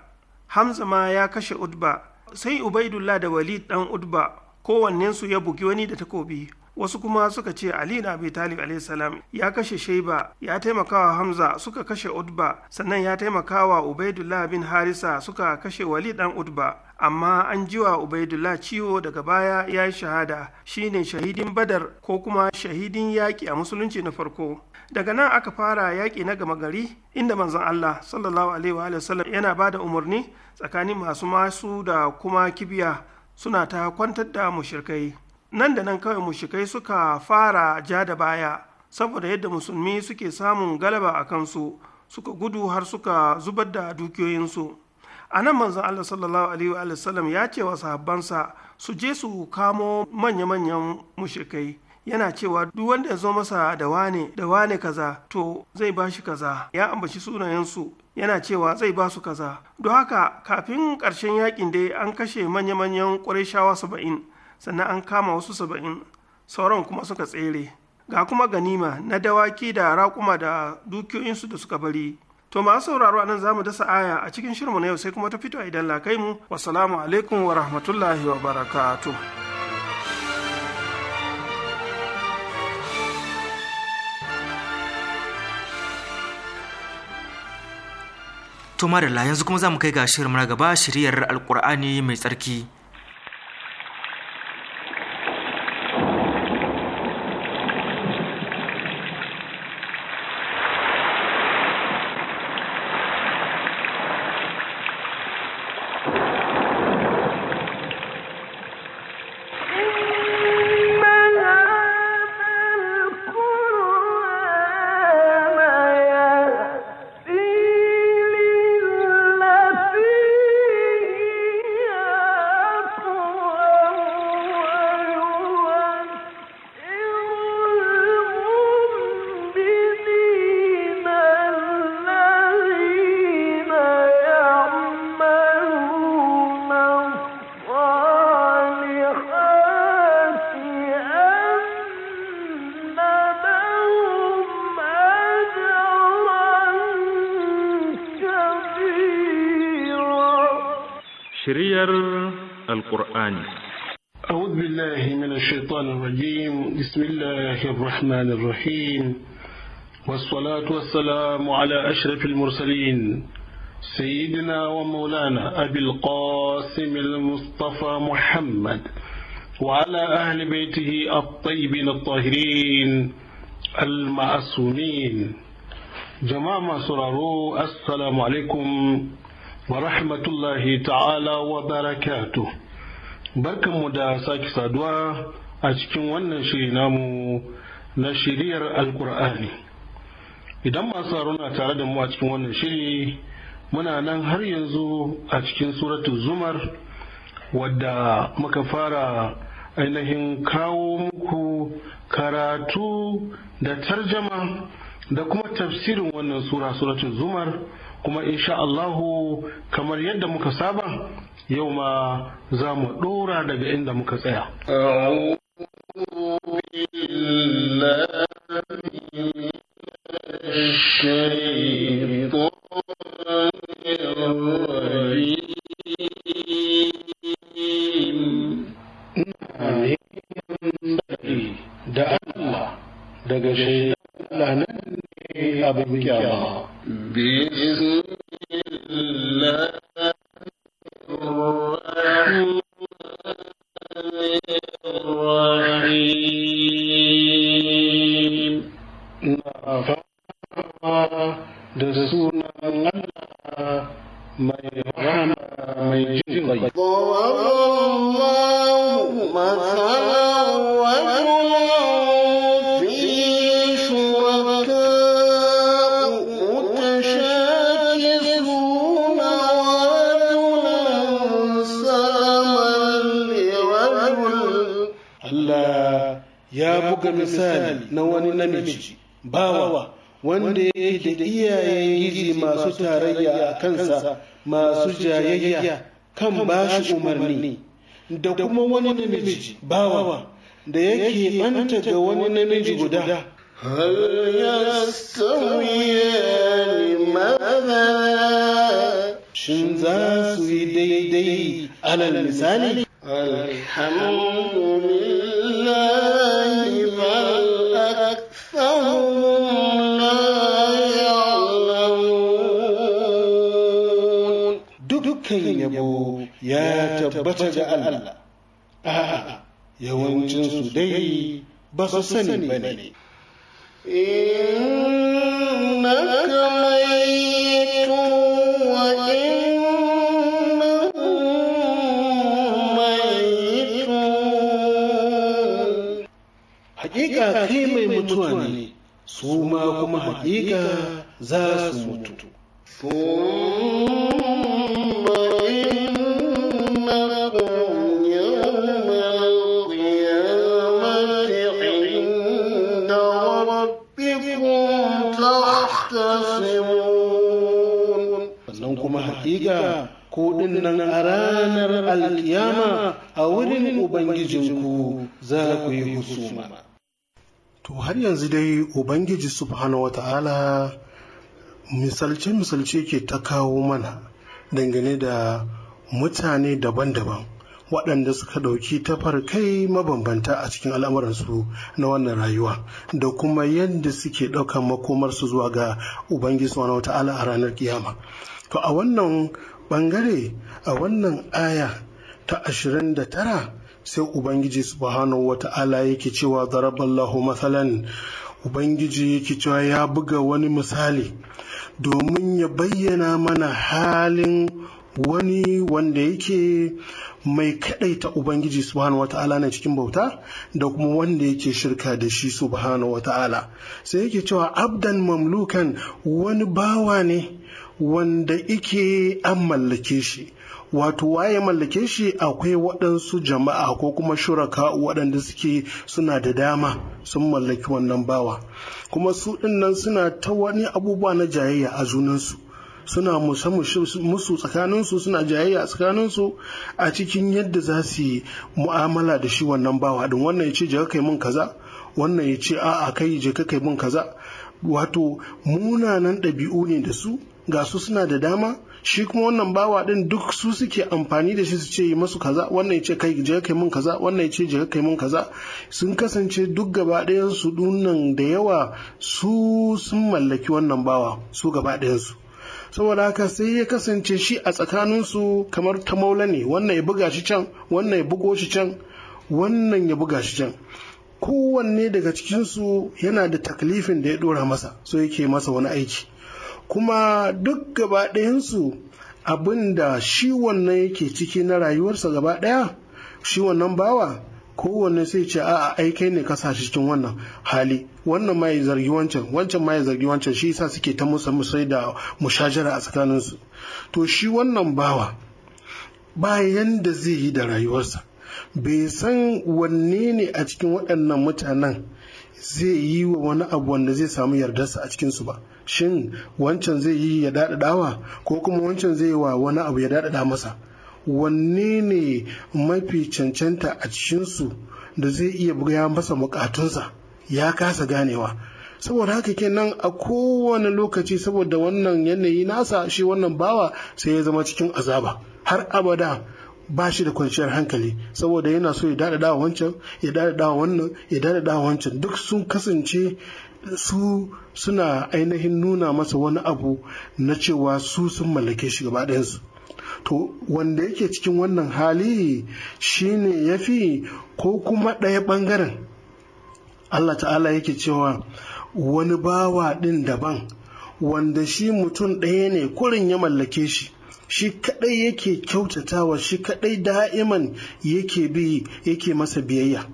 Speaker 9: hamza ma ya kashe udba sai ubaidullah da walid dan udba kowannensu ya bugi wani da takobi wasu kuma suka ce ali na abi talib ya kashe shaiba ya taimakawa hamza suka kashe udba sannan ya taimakawa ubaidullah bin harisa suka kashe wali dan udba amma an jiwa ubaidullah ciwo daga baya ya yi shahada shine shahidin badar ko kuma shahidin yaƙi a musulunci na farko daga nan aka fara yaƙi na gama gari inda manzon Allah sallallahu alaihi wa sallam yana ba da umarni tsakanin masu masu da kuma kibiya suna ta kwantar da mushirkai nan da nan kawai mushikai suka fara ja da baya saboda yadda musulmi suke samun galaba a kansu suka gudu har suka zubar da dukiyoyinsu a nan manzon Allah sallallahu alaihi wa sallam ya ce wa sahabbansa su je su kamo manya-manyan mushikai yana cewa duk wanda ya zo masa da wane da wane kaza to zai ba shi kaza ya ambaci sunayensu yana cewa zai ba su kaza don haka kafin ƙarshen yakin dai an kashe manya-manyan ƙurashawa saba'in sannan an kama wasu saba'in sauran kuma suka tsere ga kuma ganima na dawaki da raƙuma da dukiyoyinsu da suka bari to masu sauraro za zamu dasa aya a cikin shirmu na yau sai kuma ta fito idan lakai mu wasalamu alaikum wa rahmatullahi wa barakatuh
Speaker 1: To madalla yanzu kuma za mu kai ga shirin na gaba shiriyar alkur'ani mai tsarki.
Speaker 2: الأثر القرآن
Speaker 10: أعوذ بالله من الشيطان الرجيم بسم الله الرحمن الرحيم والصلاة والسلام على أشرف المرسلين سيدنا ومولانا أبي القاسم المصطفى محمد وعلى أهل بيته الطيبين الطاهرين المعصومين جماعة سرارو السلام عليكم wa rahmatullahi ta'ala wa barakatuh barkanmu da sake saduwa a cikin wannan shiri namu na shiriyar alkur'ani idan masu na tare da mu a cikin wannan shiri muna nan har yanzu a cikin suratu zumar wadda muka fara ainihin kawo muku karatu da tarjama da kuma tafsirin wannan sura suratun zumar kuma insha Allah kamar yadda muka saba yau ma za mu dora daga inda muka tsaya. da daga shi Allah ne abin kyama.
Speaker 11: بإذن الله الرحمن
Speaker 7: kansa masu jayayya kan bashi umarni da kuma wani namiji bawa da yake
Speaker 10: ɓanta ga wani namiji guda shin za su yi daidai alal misali
Speaker 11: alhamdulillah
Speaker 7: yabo ya tabbata ga Allah a'a yawancinsu dai ba su sani ba ne hakika kai mai mutuwa ne su ma kuma hakika za
Speaker 11: su mutu فيكم
Speaker 7: kuma فنوكم kuɗin nan a ranar alkiyama a wurin Ubangijinku za ku yi husuma. To har yanzu dai Ubangiji Subhanahu wa ta'ala misalce-misalce ke ta kawo mana dangane da mutane daban-daban waɗanda suka ɗauki kai mabambanta a cikin al'amuransu na wannan rayuwa da kuma yadda suke ɗaukan makomarsu zuwa ga ubangiji subhanahu wata'ala a ranar kiyama to a wannan bangare a wannan aya ta ashirin da tara sai ubangiji subhanahu wata'ala yake cewa zaraballahu matsalan ubangiji yake cewa ya buga wani misali domin ya bayyana mana halin wani wanda yake mai kadaita ubangiji subhanahu ta'ala na cikin bauta da kuma wanda yake shirka da shi subhanahu ta'ala sai yake cewa abdan mamlukan wani bawa ne wanda yake an mallake shi wato waye mallake shi akwai waɗansu jama'a ko kuma shuraka waɗanda suke suna da dama sun mallaki wannan bawa kuma su ɗin nan suna ta wani abubuwa na jayayya a junansu suna musu tsakaninsu suna jayayya a tsakaninsu a cikin yadda za su yi mu'amala da shi wannan bawa din wannan ya ce je kai mun kaza wannan ya ce a'a kai je kai mun kaza wato munanan ɗabi'u ne da su ga su suna da dama shi kuma wannan bawa din duk su suke amfani da shi su ce yi masu kaza wannan ya ce kai je kai mun kaza wannan ya ce je kai mun kaza sun kasance duk gaba ɗayan su dunnan da yawa su sun mallaki wannan bawa su gaba ɗayan su saboda haka sai ya kasance shi a tsakaninsu kamar ta maula ne wannan ya buga shi can wannan ya bugo shi can wannan ya buga shi can kowanne daga cikinsu yana da taklifin da ya dora masa so yake masa wani aiki kuma duk gaba ɗayansu abin da shi wannan yake ciki na rayuwarsa gaba ɗaya shi wannan bawa kowanne sai ce a'a ai kai ne kasa cikin wannan hali wannan ma zargi wancan wancan ma zargi wancan shi yasa suke ta musa musai da mushajara a tsakanin su to shi wannan bawa bayan da zai yi da rayuwarsa bai san wanne ne a cikin waɗannan mutanen zai yi wa wani abu wanda zai samu yardarsa a cikinsu ba shin wancan zai yi ya daɗaɗawa ko kuma wancan zai yi wa wani abu ya daɗaɗa masa wanne ne mafi cancanta a cikinsu da zai iya buga masa bukatunsa ya kasa ganewa saboda haka kenan a kowane lokaci saboda wannan yanayi nasa shi wannan bawa sai ya zama cikin azaba har abada ba shi da kwanciyar hankali saboda yana so ya dada dawa wancan ya dada dawa wannan ya dada dawa wancan duk sun kasance su suna ainihin nuna masa wani abu na cewa su sun mallake shi gaba ɗayansu to wanda yake cikin wannan hali shine ya fi ko kuma ɗaya ɓangaren Allah ta'ala yake cewa wani bawa ɗin daban wanda shi mutum ɗaya ne kurin ya mallake shi shi kaɗai yake kyautatawa shi kaɗai da'iman yake bi yake masa biyayya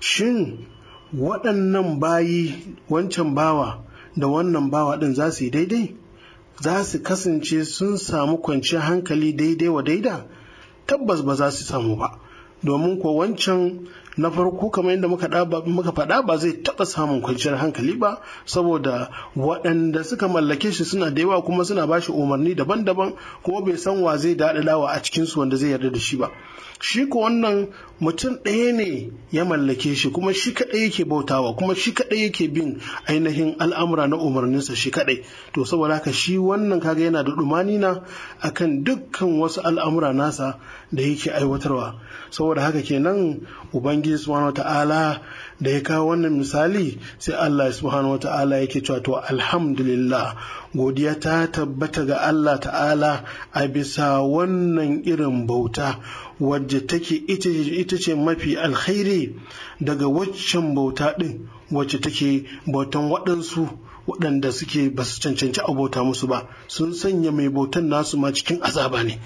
Speaker 7: shin waɗannan bayi wancan bawa da wannan bawa ɗin za su yi daidai za su kasance sun samu kwanciyar hankali daidai wa daida tabbas ba za su samu ba domin ko wancan na farko kamar yadda muka faɗa ba zai taɓa samun kwanciyar hankali ba saboda waɗanda suka mallake shi suna da yawa kuma suna ba shi umarni daban-daban kuma bai san wa zai daɗaɗawa a cikinsu wanda zai yarda da shi ba shi ko wannan mutum ɗaya ne ya mallake shi kuma shi kaɗai yake bautawa kuma shi kaɗai yake bin ainihin al'amura na umarninsa shi kaɗai to saboda haka shi wannan kaga yana da ɗumani na akan dukkan wasu al'amura nasa da yake aiwatarwa saboda haka kenan ubangiji ubangiji subhanahu ta'ala da ya kawo wannan misali sai Allah subhanahu ta'ala yake cewa to alhamdulillah godiya ta tabbata ga Allah ta'ala a bisa wannan irin bauta wadda take ita ce mafi alkhairi daga waccan bauta din wacce take bautan waɗansu waɗanda suke ba su cancanci bauta musu ba sun sanya mai bautan nasu ma cikin azaba ne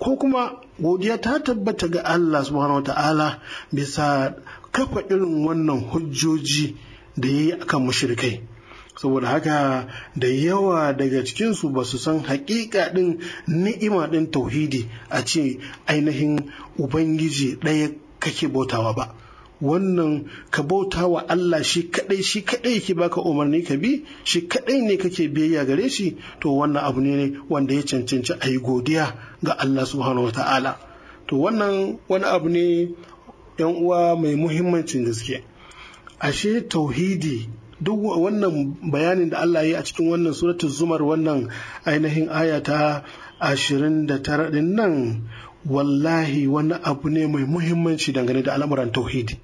Speaker 7: ko kuma godiya ta tabbata ga Allah subhanahu ta'ala bisa kafa irin wannan hujjoji da ya yi akan mushrikai saboda haka da yawa daga cikinsu ba su san haƙiƙa ɗin ni'ima ɗin tauhidi a ce ainihin ubangiji ɗaya kake bautawa ba wannan ka bauta wa Allah shi kaɗai shi kadai yake baka umarni ka bi shi kaɗai ne kake biyayya gare shi to wannan abu ne wanda ya cancanci a yi godiya ga Allah subhanahu ta'ala. to wannan wani abu ne yan uwa mai muhimmancin gaske ashe tauhidi duk wannan bayanin da Allah ya yi a cikin wannan suratul zumar wannan ainihin aya ta 29 din nan wallahi wani abu ne mai muhimmanci dangane da al'amuran tauhidi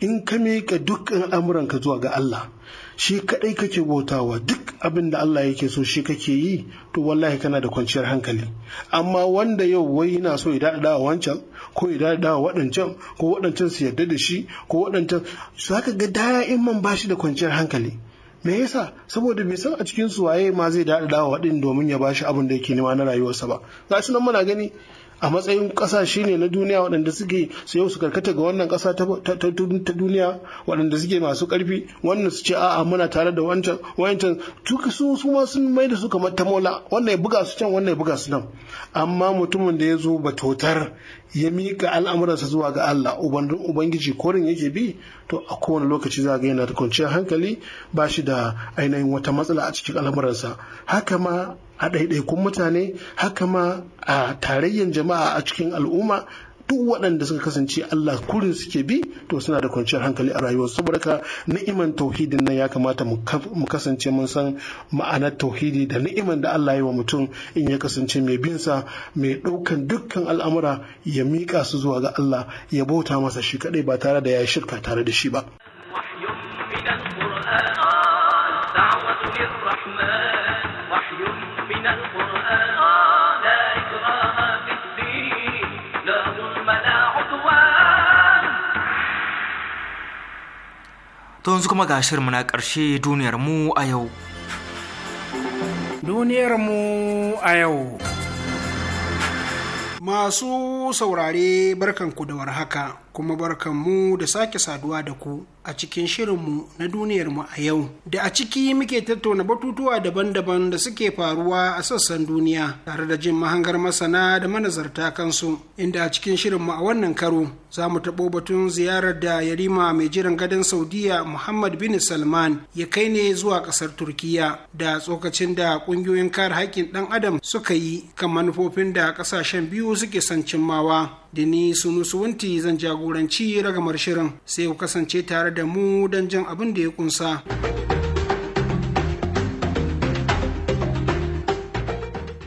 Speaker 7: in ka miƙa dukkan ka zuwa ga Allah shi kaɗai kake bautawa duk abin da Allah yake so shi kake yi to wallahi kana da kwanciyar hankali amma wanda yau wai yana so ya daɗa wancan ko ya daɗa waɗancan ko waɗancan su yarda da shi ko waɗancan su haka ga da'iman ba shi da kwanciyar hankali me yasa saboda bai san a cikin su waye ma zai daɗa waɗin domin ya bashi abin da yake nema na rayuwarsa ba ga nan muna gani a matsayin kasashe ne na duniya waɗanda suke su yau su karkata ga wannan ƙasa ta duniya waɗanda suke masu ƙarfi wannan su ce a'a muna tare da wancan wancan su su ma sun mai da su kamar ta mola wannan ya buga su can wannan ya buga su nan amma mutumin da ya zo batotar ya miƙa al'amuransa zuwa ga Allah ubangiji korin yake bi to a kowane lokaci za ga yana da kwanciyar hankali ba shi da ainihin wata matsala a cikin al'amuransa haka ma a ɗaiɗaikun mutane haka ma a tarayyar jama'a a cikin al'umma duk waɗanda suka kasance Allah kurin suke bi to suna da kwanciyar hankali a rayuwar saboda ni'iman tauhidin nan ya kamata mu kasance mun san ma'anar tauhidi da ni'iman da Allah ya wa mutum in ya kasance mai bin sa mai ɗaukan dukkan al'amura ya miƙa su zuwa ga Allah ya bauta masa shi kaɗai ba tare da ya shirka tare da shi ba.
Speaker 1: To yanzu kuma ga shirinmu na ƙarshe duniyar mu a yau. Duniyar mu a yau. Masu
Speaker 12: saurare barkanku da warhaka. kuma barkanmu da sake saduwa da ku a cikin shirinmu na duniyarmu a yau da a ciki muke tattauna batutuwa daban-daban da suke faruwa a sassan duniya tare da jin mahangar masana da manazarta kansu inda a cikin shirinmu a wannan karo za mu taɓo batun ziyarar da yarima mai jiran gadon saudiya muhammad bin salman ya kai ne zuwa ƙasar turkiya da tsokacin da ƙungiyoyin kare haƙƙin ɗan adam suka yi kan manufofin da ƙasashen biyu suke son cimmawa da ni sunusuwanti zan jago jagoranci ragamar shirin sai ku kasance tare da mu don jin abin da ya kunsa.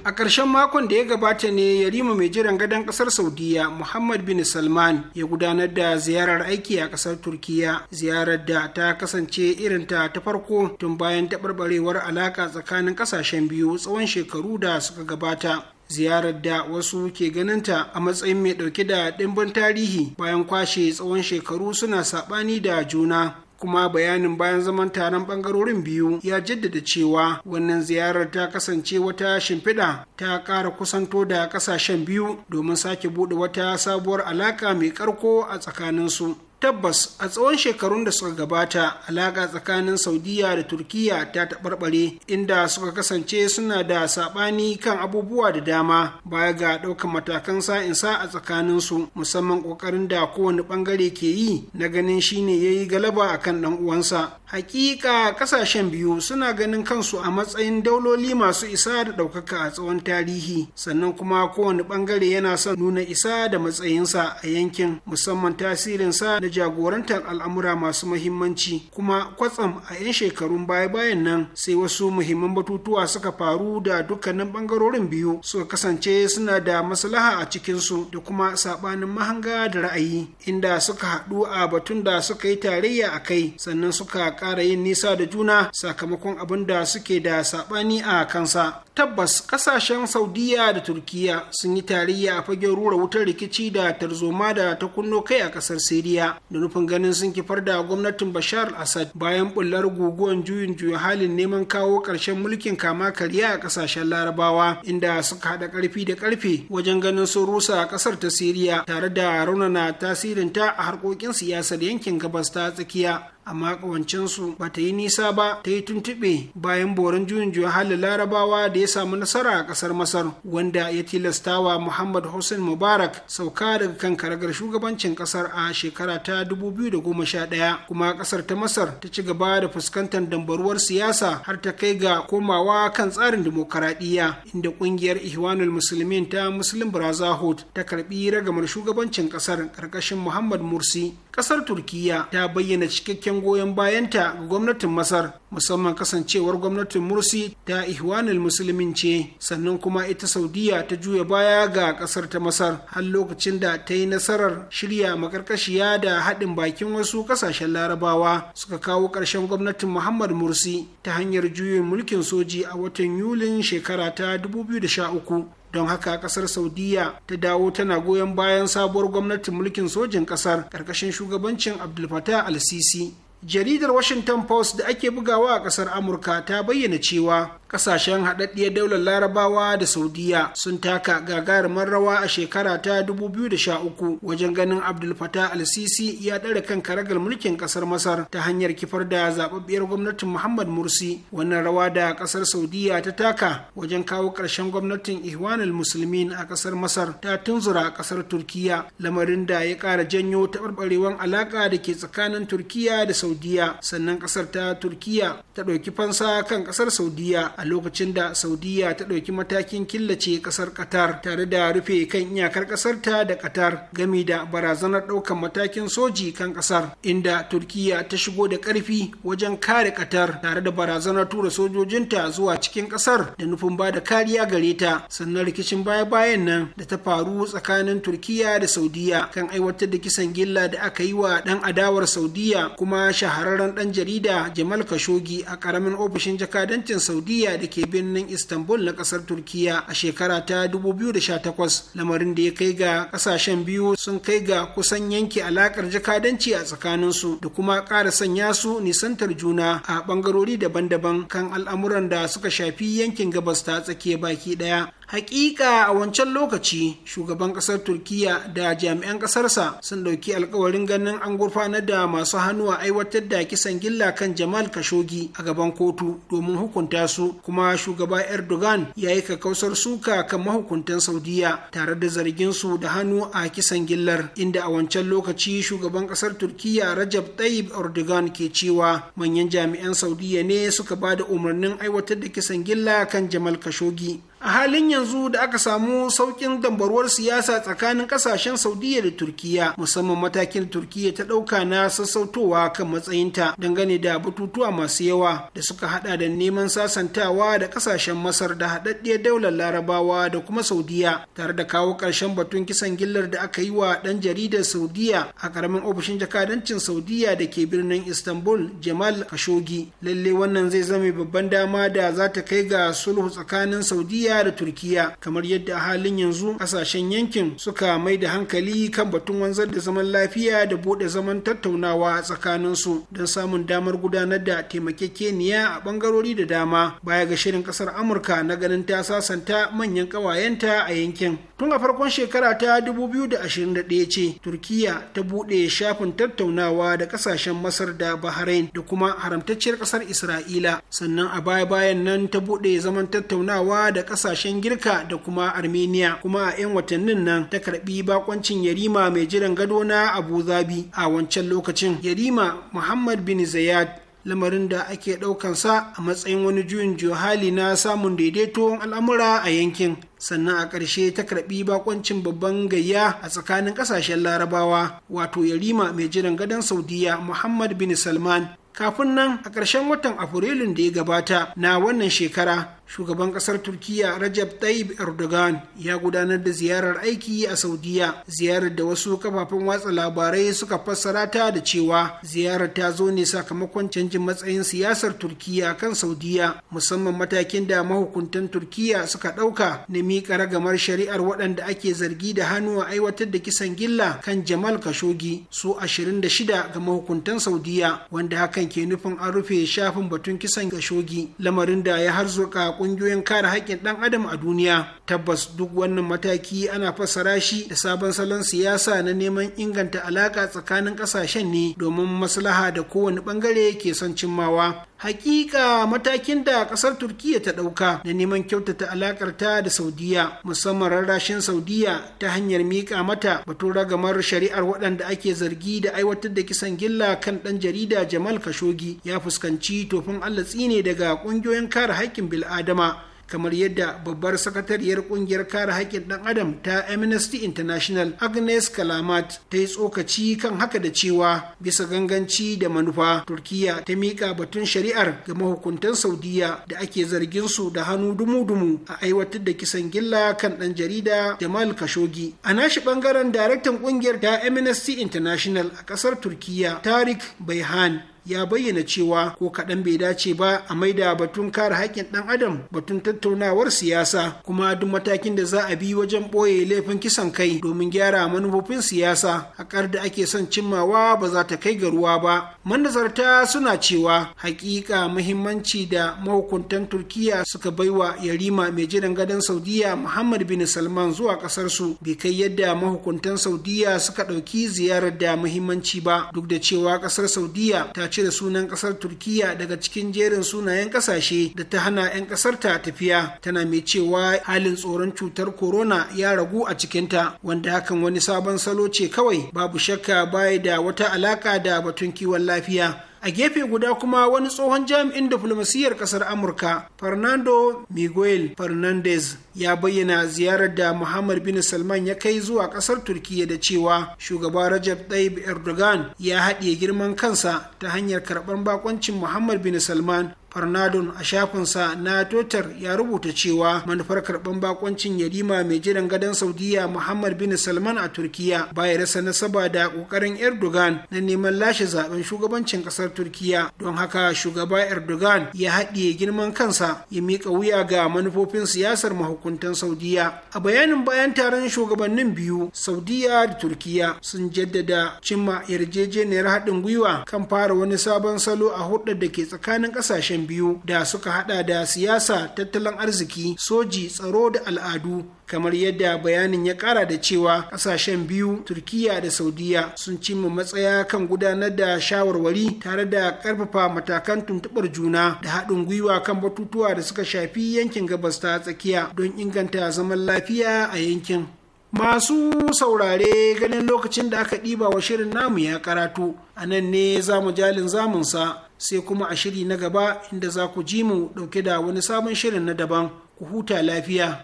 Speaker 12: a ƙarshen makon da ya gabata ne yarima mai jiran gadon ƙasar saudiya muhammad bin salman ya gudanar da ziyarar aiki a ƙasar turkiya ziyarar da ta kasance irin ta ta farko tun bayan taɓarɓarewar alaƙa tsakanin ƙasashen biyu tsawon shekaru da suka gabata ziyarar da wasu ke ganinta a matsayin mai ɗauke da ɗimbin tarihi bayan kwashe tsawon shekaru suna saɓani da juna kuma bayanin bayan zaman taron ɓangarorin biyu ya jaddada cewa wannan ziyarar ta kasance wata shimfiɗa ta ƙara kusanto da ƙasashen biyu domin sake buɗe wata sabuwar alaƙa mai ƙarko a tsakaninsu tabbas a tsawon shekarun da suka gabata alaƙa tsakanin saudiya da turkiya ta taɓarɓare inda suka kasance suna da saɓani kan abubuwa da dama baya ga ɗaukan matakan sa'insa a tsakanin su musamman ƙoƙarin da kowane ɓangare ke yi na ganin shine ya yi galaba a kan ɗan uwansa hakika ƙasashen biyu suna ganin kansu a matsayin dauloli masu isa da ɗaukaka a tsawon tarihi sannan kuma kowane ɓangare yana son nuna isa da matsayinsa a yankin musamman tasirinsa na jagorantar al'amura masu mahimmanci kuma kwatsam a 'yan shekarun baya-bayan nan sai wasu muhimman batutuwa suka faru da dukkanin bangarorin biyu suka kasance suna da maslaha a cikinsu da kuma saɓanin mahanga da ra'ayi inda suka haɗu a batun da suka yi tarayya a kai sannan suka ƙara yin nisa da juna sakamakon abin da suke da saɓani a kansa tabbas kasashen saudiya da turkiya sun yi tarayya a fagen rura wutar rikici da tarzoma da ta kunno kai a kasar siriya da nufin ganin sun kifar da gwamnatin bashar al-assad bayan bullar guguwan juyin juya halin neman kawo ƙarshen mulkin kama karya a kasashen larabawa inda suka haɗa ƙarfi da ƙarfe wajen ganin sun rusa a kasar ta siriya tare da raunana tasirinta a harkokin siyasar yankin gabas ta tsakiya amma kawancinsu ba ta yi nisa ba ta yi tuntuɓe bayan boron juyin juya halin larabawa da ya samu nasara a ƙasar masar wanda ya tilastawa muhammad hussein mubarak sauka daga kan karagar shugabancin ƙasar a shekara ta 2011 kuma ƙasar ta masar ta ci gaba da fuskantar dambaruwar siyasa har ta kai ga komawa kan tsarin dimokuraɗiyya inda ƙungiyar ihwanul musulmin ta muslim brotherhood ta karɓi ragamar shugabancin ƙasar ƙarƙashin muhammad mursi kasar turkiya ta bayyana cikakken goyon bayanta ga gwamnatin masar musamman kasancewar gwamnatin mursi ta ihwanul musulmin ce sannan kuma ita saudiya ta juya baya ga kasar ta masar har lokacin da ta yi nasarar shirya makarkashiya da haɗin bakin wasu kasashen larabawa suka kawo ƙarshen gwamnatin muhammad mursi ta hanyar juyin mulkin soji a watan yulin shekara ta 2013 don haka kasar saudiya ta dawo tana goyon bayan sabuwar gwamnatin mulkin sojin kasar karkashin shugabancin abdulfatah al-sisi jaridar washington post da ake bugawa a kasar amurka ta bayyana cewa kasashen haɗaɗɗiyar daular larabawa da saudiya sun taka gagarumar rawa a shekara ta 2013 wajen ganin Abdulfata fatah al-sisi ya ɗare kan karagar mulkin kasar masar ta hanyar kifar da zababbiyar gwamnatin muhammad mursi wannan rawa da kasar saudiya ta taka wajen kawo ƙarshen gwamnatin ihwanul musulmin a kasar masar ta tunzura kasar turkiya lamarin da ya ƙara janyo taɓarɓarewar alaƙa da ke tsakanin turkiya da saudiya saudiya sannan kasar ta turkiya ta ɗauki fansa kan kasar saudiya a lokacin da saudiya ta ɗauki matakin killace kasar qatar tare da rufe kan iyakar kasar ta da qatar gami da barazanar ɗaukan matakin soji kan kasar inda turkiya ta shigo da ƙarfi wajen kare qatar tare da barazanar tura sojojinta zuwa cikin kasar da nufin ba da kariya gare ta sannan rikicin baya-bayan nan da ta faru tsakanin turkiya da saudiya kan aiwatar da kisan gilla da aka yi wa ɗan adawar saudiya kuma shahararren ɗan jarida Jamal kashogi a ƙaramin ofishin jakadancin Saudiya da ke birnin Istanbul na ƙasar Turkiya a shekara ta 2018 lamarin da ya kai ga ƙasashen biyu sun kai ga kusan yanke alaƙar jakadanci a tsakaninsu da kuma ƙara sanya su nisantar juna a ɓangarori daban-daban kan al'amuran da suka shafi yankin gabas ta tsakiya baki ɗaya. hakika a wancan lokaci shugaban kasar turkiya da jami'an kasarsa sun dauki alkawarin ganin an gurfanar da masu hannu a aiwatar da kisan gilla kan jamal kashogi a gaban kotu domin hukunta su kuma shugaba erdogan ya yi kakausar suka kan mahukuntan saudiya tare da zargin su da hannu a kisan gillar inda a wancan lokaci shugaban kasar turkiya rajab tayyib erdogan ke cewa manyan jami'an saudiya ne suka ba da umarnin aiwatar da kisan gilla kan jamal kashogi a halin yanzu da aka samu saukin dambarwar siyasa tsakanin kasashen saudiya da turkiya musamman matakin turkiya ta ɗauka na sassautowa kan matsayinta dangane da batutuwa masu yawa da suka hada da neman sasantawa da kasashen masar da haɗaɗɗiyar daular larabawa da kuma saudiya tare da kawo ƙarshen batun kisan gillar da aka yi wa ɗan jaridar saudiya a ƙaramin ofishin jakadancin saudiya da ke birnin istanbul jamal khashoggi lalle wannan zai zame babban dama da za ta kai ga sulhu tsakanin saudiya syria da turkiya kamar yadda a halin yanzu kasashen yankin suka mai da hankali kan batun wanzar da zaman lafiya da bude zaman tattaunawa tsakanin su don samun damar gudanar da taimakekeniya a bangarori da dama baya ga shirin kasar amurka na ganin ta sasanta manyan ƙawayenta a yankin tun a farkon shekara ta 2021 ce Turkiyya ta buɗe shafin tattaunawa da ƙasashen masar da bahrain da kuma haramtacciyar ƙasar isra'ila sannan a baya bayan nan ta buɗe zaman tattaunawa da ƙasashen girka da kuma armenia kuma a 'yan watannin nan ta karɓi bakoncin yarima mai jiran gado na abu zabi a wancan lokacin yarima muhammad bin zayad lamarin da ake ɗaukansa a matsayin wani juyin hali na samun daidaito al'amura a yankin sannan a ƙarshe ta karɓi bakoncin babban gayya a tsakanin ƙasashen larabawa wato yarima mai jiran gadon saudiya muhammad bin salman kafin nan a ƙarshen watan afrilun da ya gabata na wannan shekara shugaban kasar turkiya rajab tayyip erdogan ya gudanar da ziyarar aiki a saudiya ziyarar da wasu kafafen watsa labarai suka fassara ta da cewa ziyarar ta zo ne sakamakon canjin matsayin siyasar turkiya kan saudiya musamman matakin da mahukuntan turkiya suka ɗauka na miƙa ragamar shari'ar waɗanda ake zargi da hannu a aiwatar da kisan gilla kan jamal kashogi su ashirin da shida ga mahukuntan saudiya wanda hakan ke nufin an rufe shafin batun kisan kashogi lamarin da ya harzuka ƙungiyoyin kare haƙƙin ɗan adam a duniya tabbas duk wannan mataki ana fassara shi da sabon salon siyasa na neman inganta alaƙa tsakanin ƙasashen ne domin maslaha da kowane ɓangare ke son cimmawa hakika matakin da kasar turkiya ta dauka da neman kyautata alakar ta da saudiya musamman rarrashin saudiya ta hanyar miƙa mata batun ragamar shari'ar waɗanda ake zargi da aiwatar da kisan gilla kan ɗan jarida jamal kashogi ya fuskanci tofin allah tsine daga ƙungiyoyin kare haƙƙin bil'adama kamar yadda babbar sakatariyar kungiyar kare haƙƙin ɗan adam ta amnesty international agnes kalamat ta yi tsokaci kan haka da cewa bisa ganganci da manufa turkiya ta miƙa batun shari'ar ga mahukuntan saudiya da ake zargin su da hannu dumu-dumu a aiwatar da kisan gilla kan ɗan jarida jamal kashogi a nashi ɓangaren daraktan kungiyar ta amnesty international a ƙasar turkiya tarik baihan ya bayyana cewa ko kaɗan bai dace ba a maida batun kare haƙƙin ɗan adam batun tattaunawar siyasa kuma duk matakin da za a bi wajen ɓoye laifin kisan kai domin gyara manufofin siyasa haƙar da ake son cimmawa ba za ta kai garuwa ruwa ba manazarta suna cewa haƙiƙa mahimmanci da mahukuntan turkiya suka baiwa yarima mai jiran gadon saudiya muhammad bin salman zuwa ƙasarsu bai kai yadda mahukuntan saudiya suka ɗauki ziyarar da muhimmanci ba duk da cewa ƙasar saudiya ta cire sunan kasar turkiya daga cikin jerin sunayen kasashe da ta hana 'yan kasar ta tafiya tana mai cewa halin tsoron cutar corona ya ragu a cikinta wanda hakan wani sabon salo ce kawai babu shakka baya da wata alaka da batun kiwon lafiya a gefe guda kuma wani tsohon jami'in diflomasiyyar kasar amurka fernando miguel fernandez ya bayyana ziyarar da muhammad bin salman ya kai zuwa kasar turkiya da cewa shugaba rajab tayyip erdogan ya haɗe girman kansa ta hanyar karɓar bakoncin muhammad bin salman farnadon a shafinsa na totar ya rubuta cewa manufar karɓar bakoncin yarima mai jiran gadon saudiya muhammad bin salman a turkiya ya rasa nasaba da ƙoƙarin erdogan na neman lashe zaben shugabancin ƙasar turkiya don haka shugaba erdogan ya haɗiye girman kansa ya miƙa wuya ga manufofin siyasar mahukuntan saudiya a bayanin bayan taron shugabannin biyu saudiya da turkiya sun jaddada cimma yarjejeniyar haɗin gwiwa kan fara wani sabon salo a hudar da ke tsakanin ƙasashen kasashen biyu da suka hada da siyasa tattalin arziki soji tsaro da al'adu kamar yadda bayanin ya kara da cewa kasashen biyu turkiya da saudiya sun cimma matsaya kan gudanar da shawarwari tare da karfafa matakan tuntubar juna da haɗin gwiwa kan batutuwa da suka shafi yankin gabas ta tsakiya don inganta zaman lafiya a yankin masu saurare ganin lokacin da aka ɗiba wa shirin namu ya karatu a nan ne zamu jalin zamunsa sai kuma a shiri na gaba inda za ku ji mu ɗauke da wani sabon shirin na daban ku huta lafiya.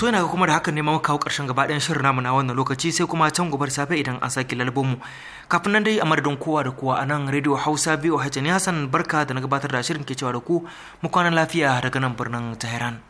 Speaker 1: to yana kuma da hakan neman kawo karshen gaba ɗayan shirin namu na wannan lokaci sai kuma can gobar safe idan an sake lalbomu kafin nan dai a madadin kowa da kowa a nan rediyo hausa biyu hajjani hassan barka da na gabatar da shirin ke cewa da ku mu kwana lafiya daga nan birnin tehran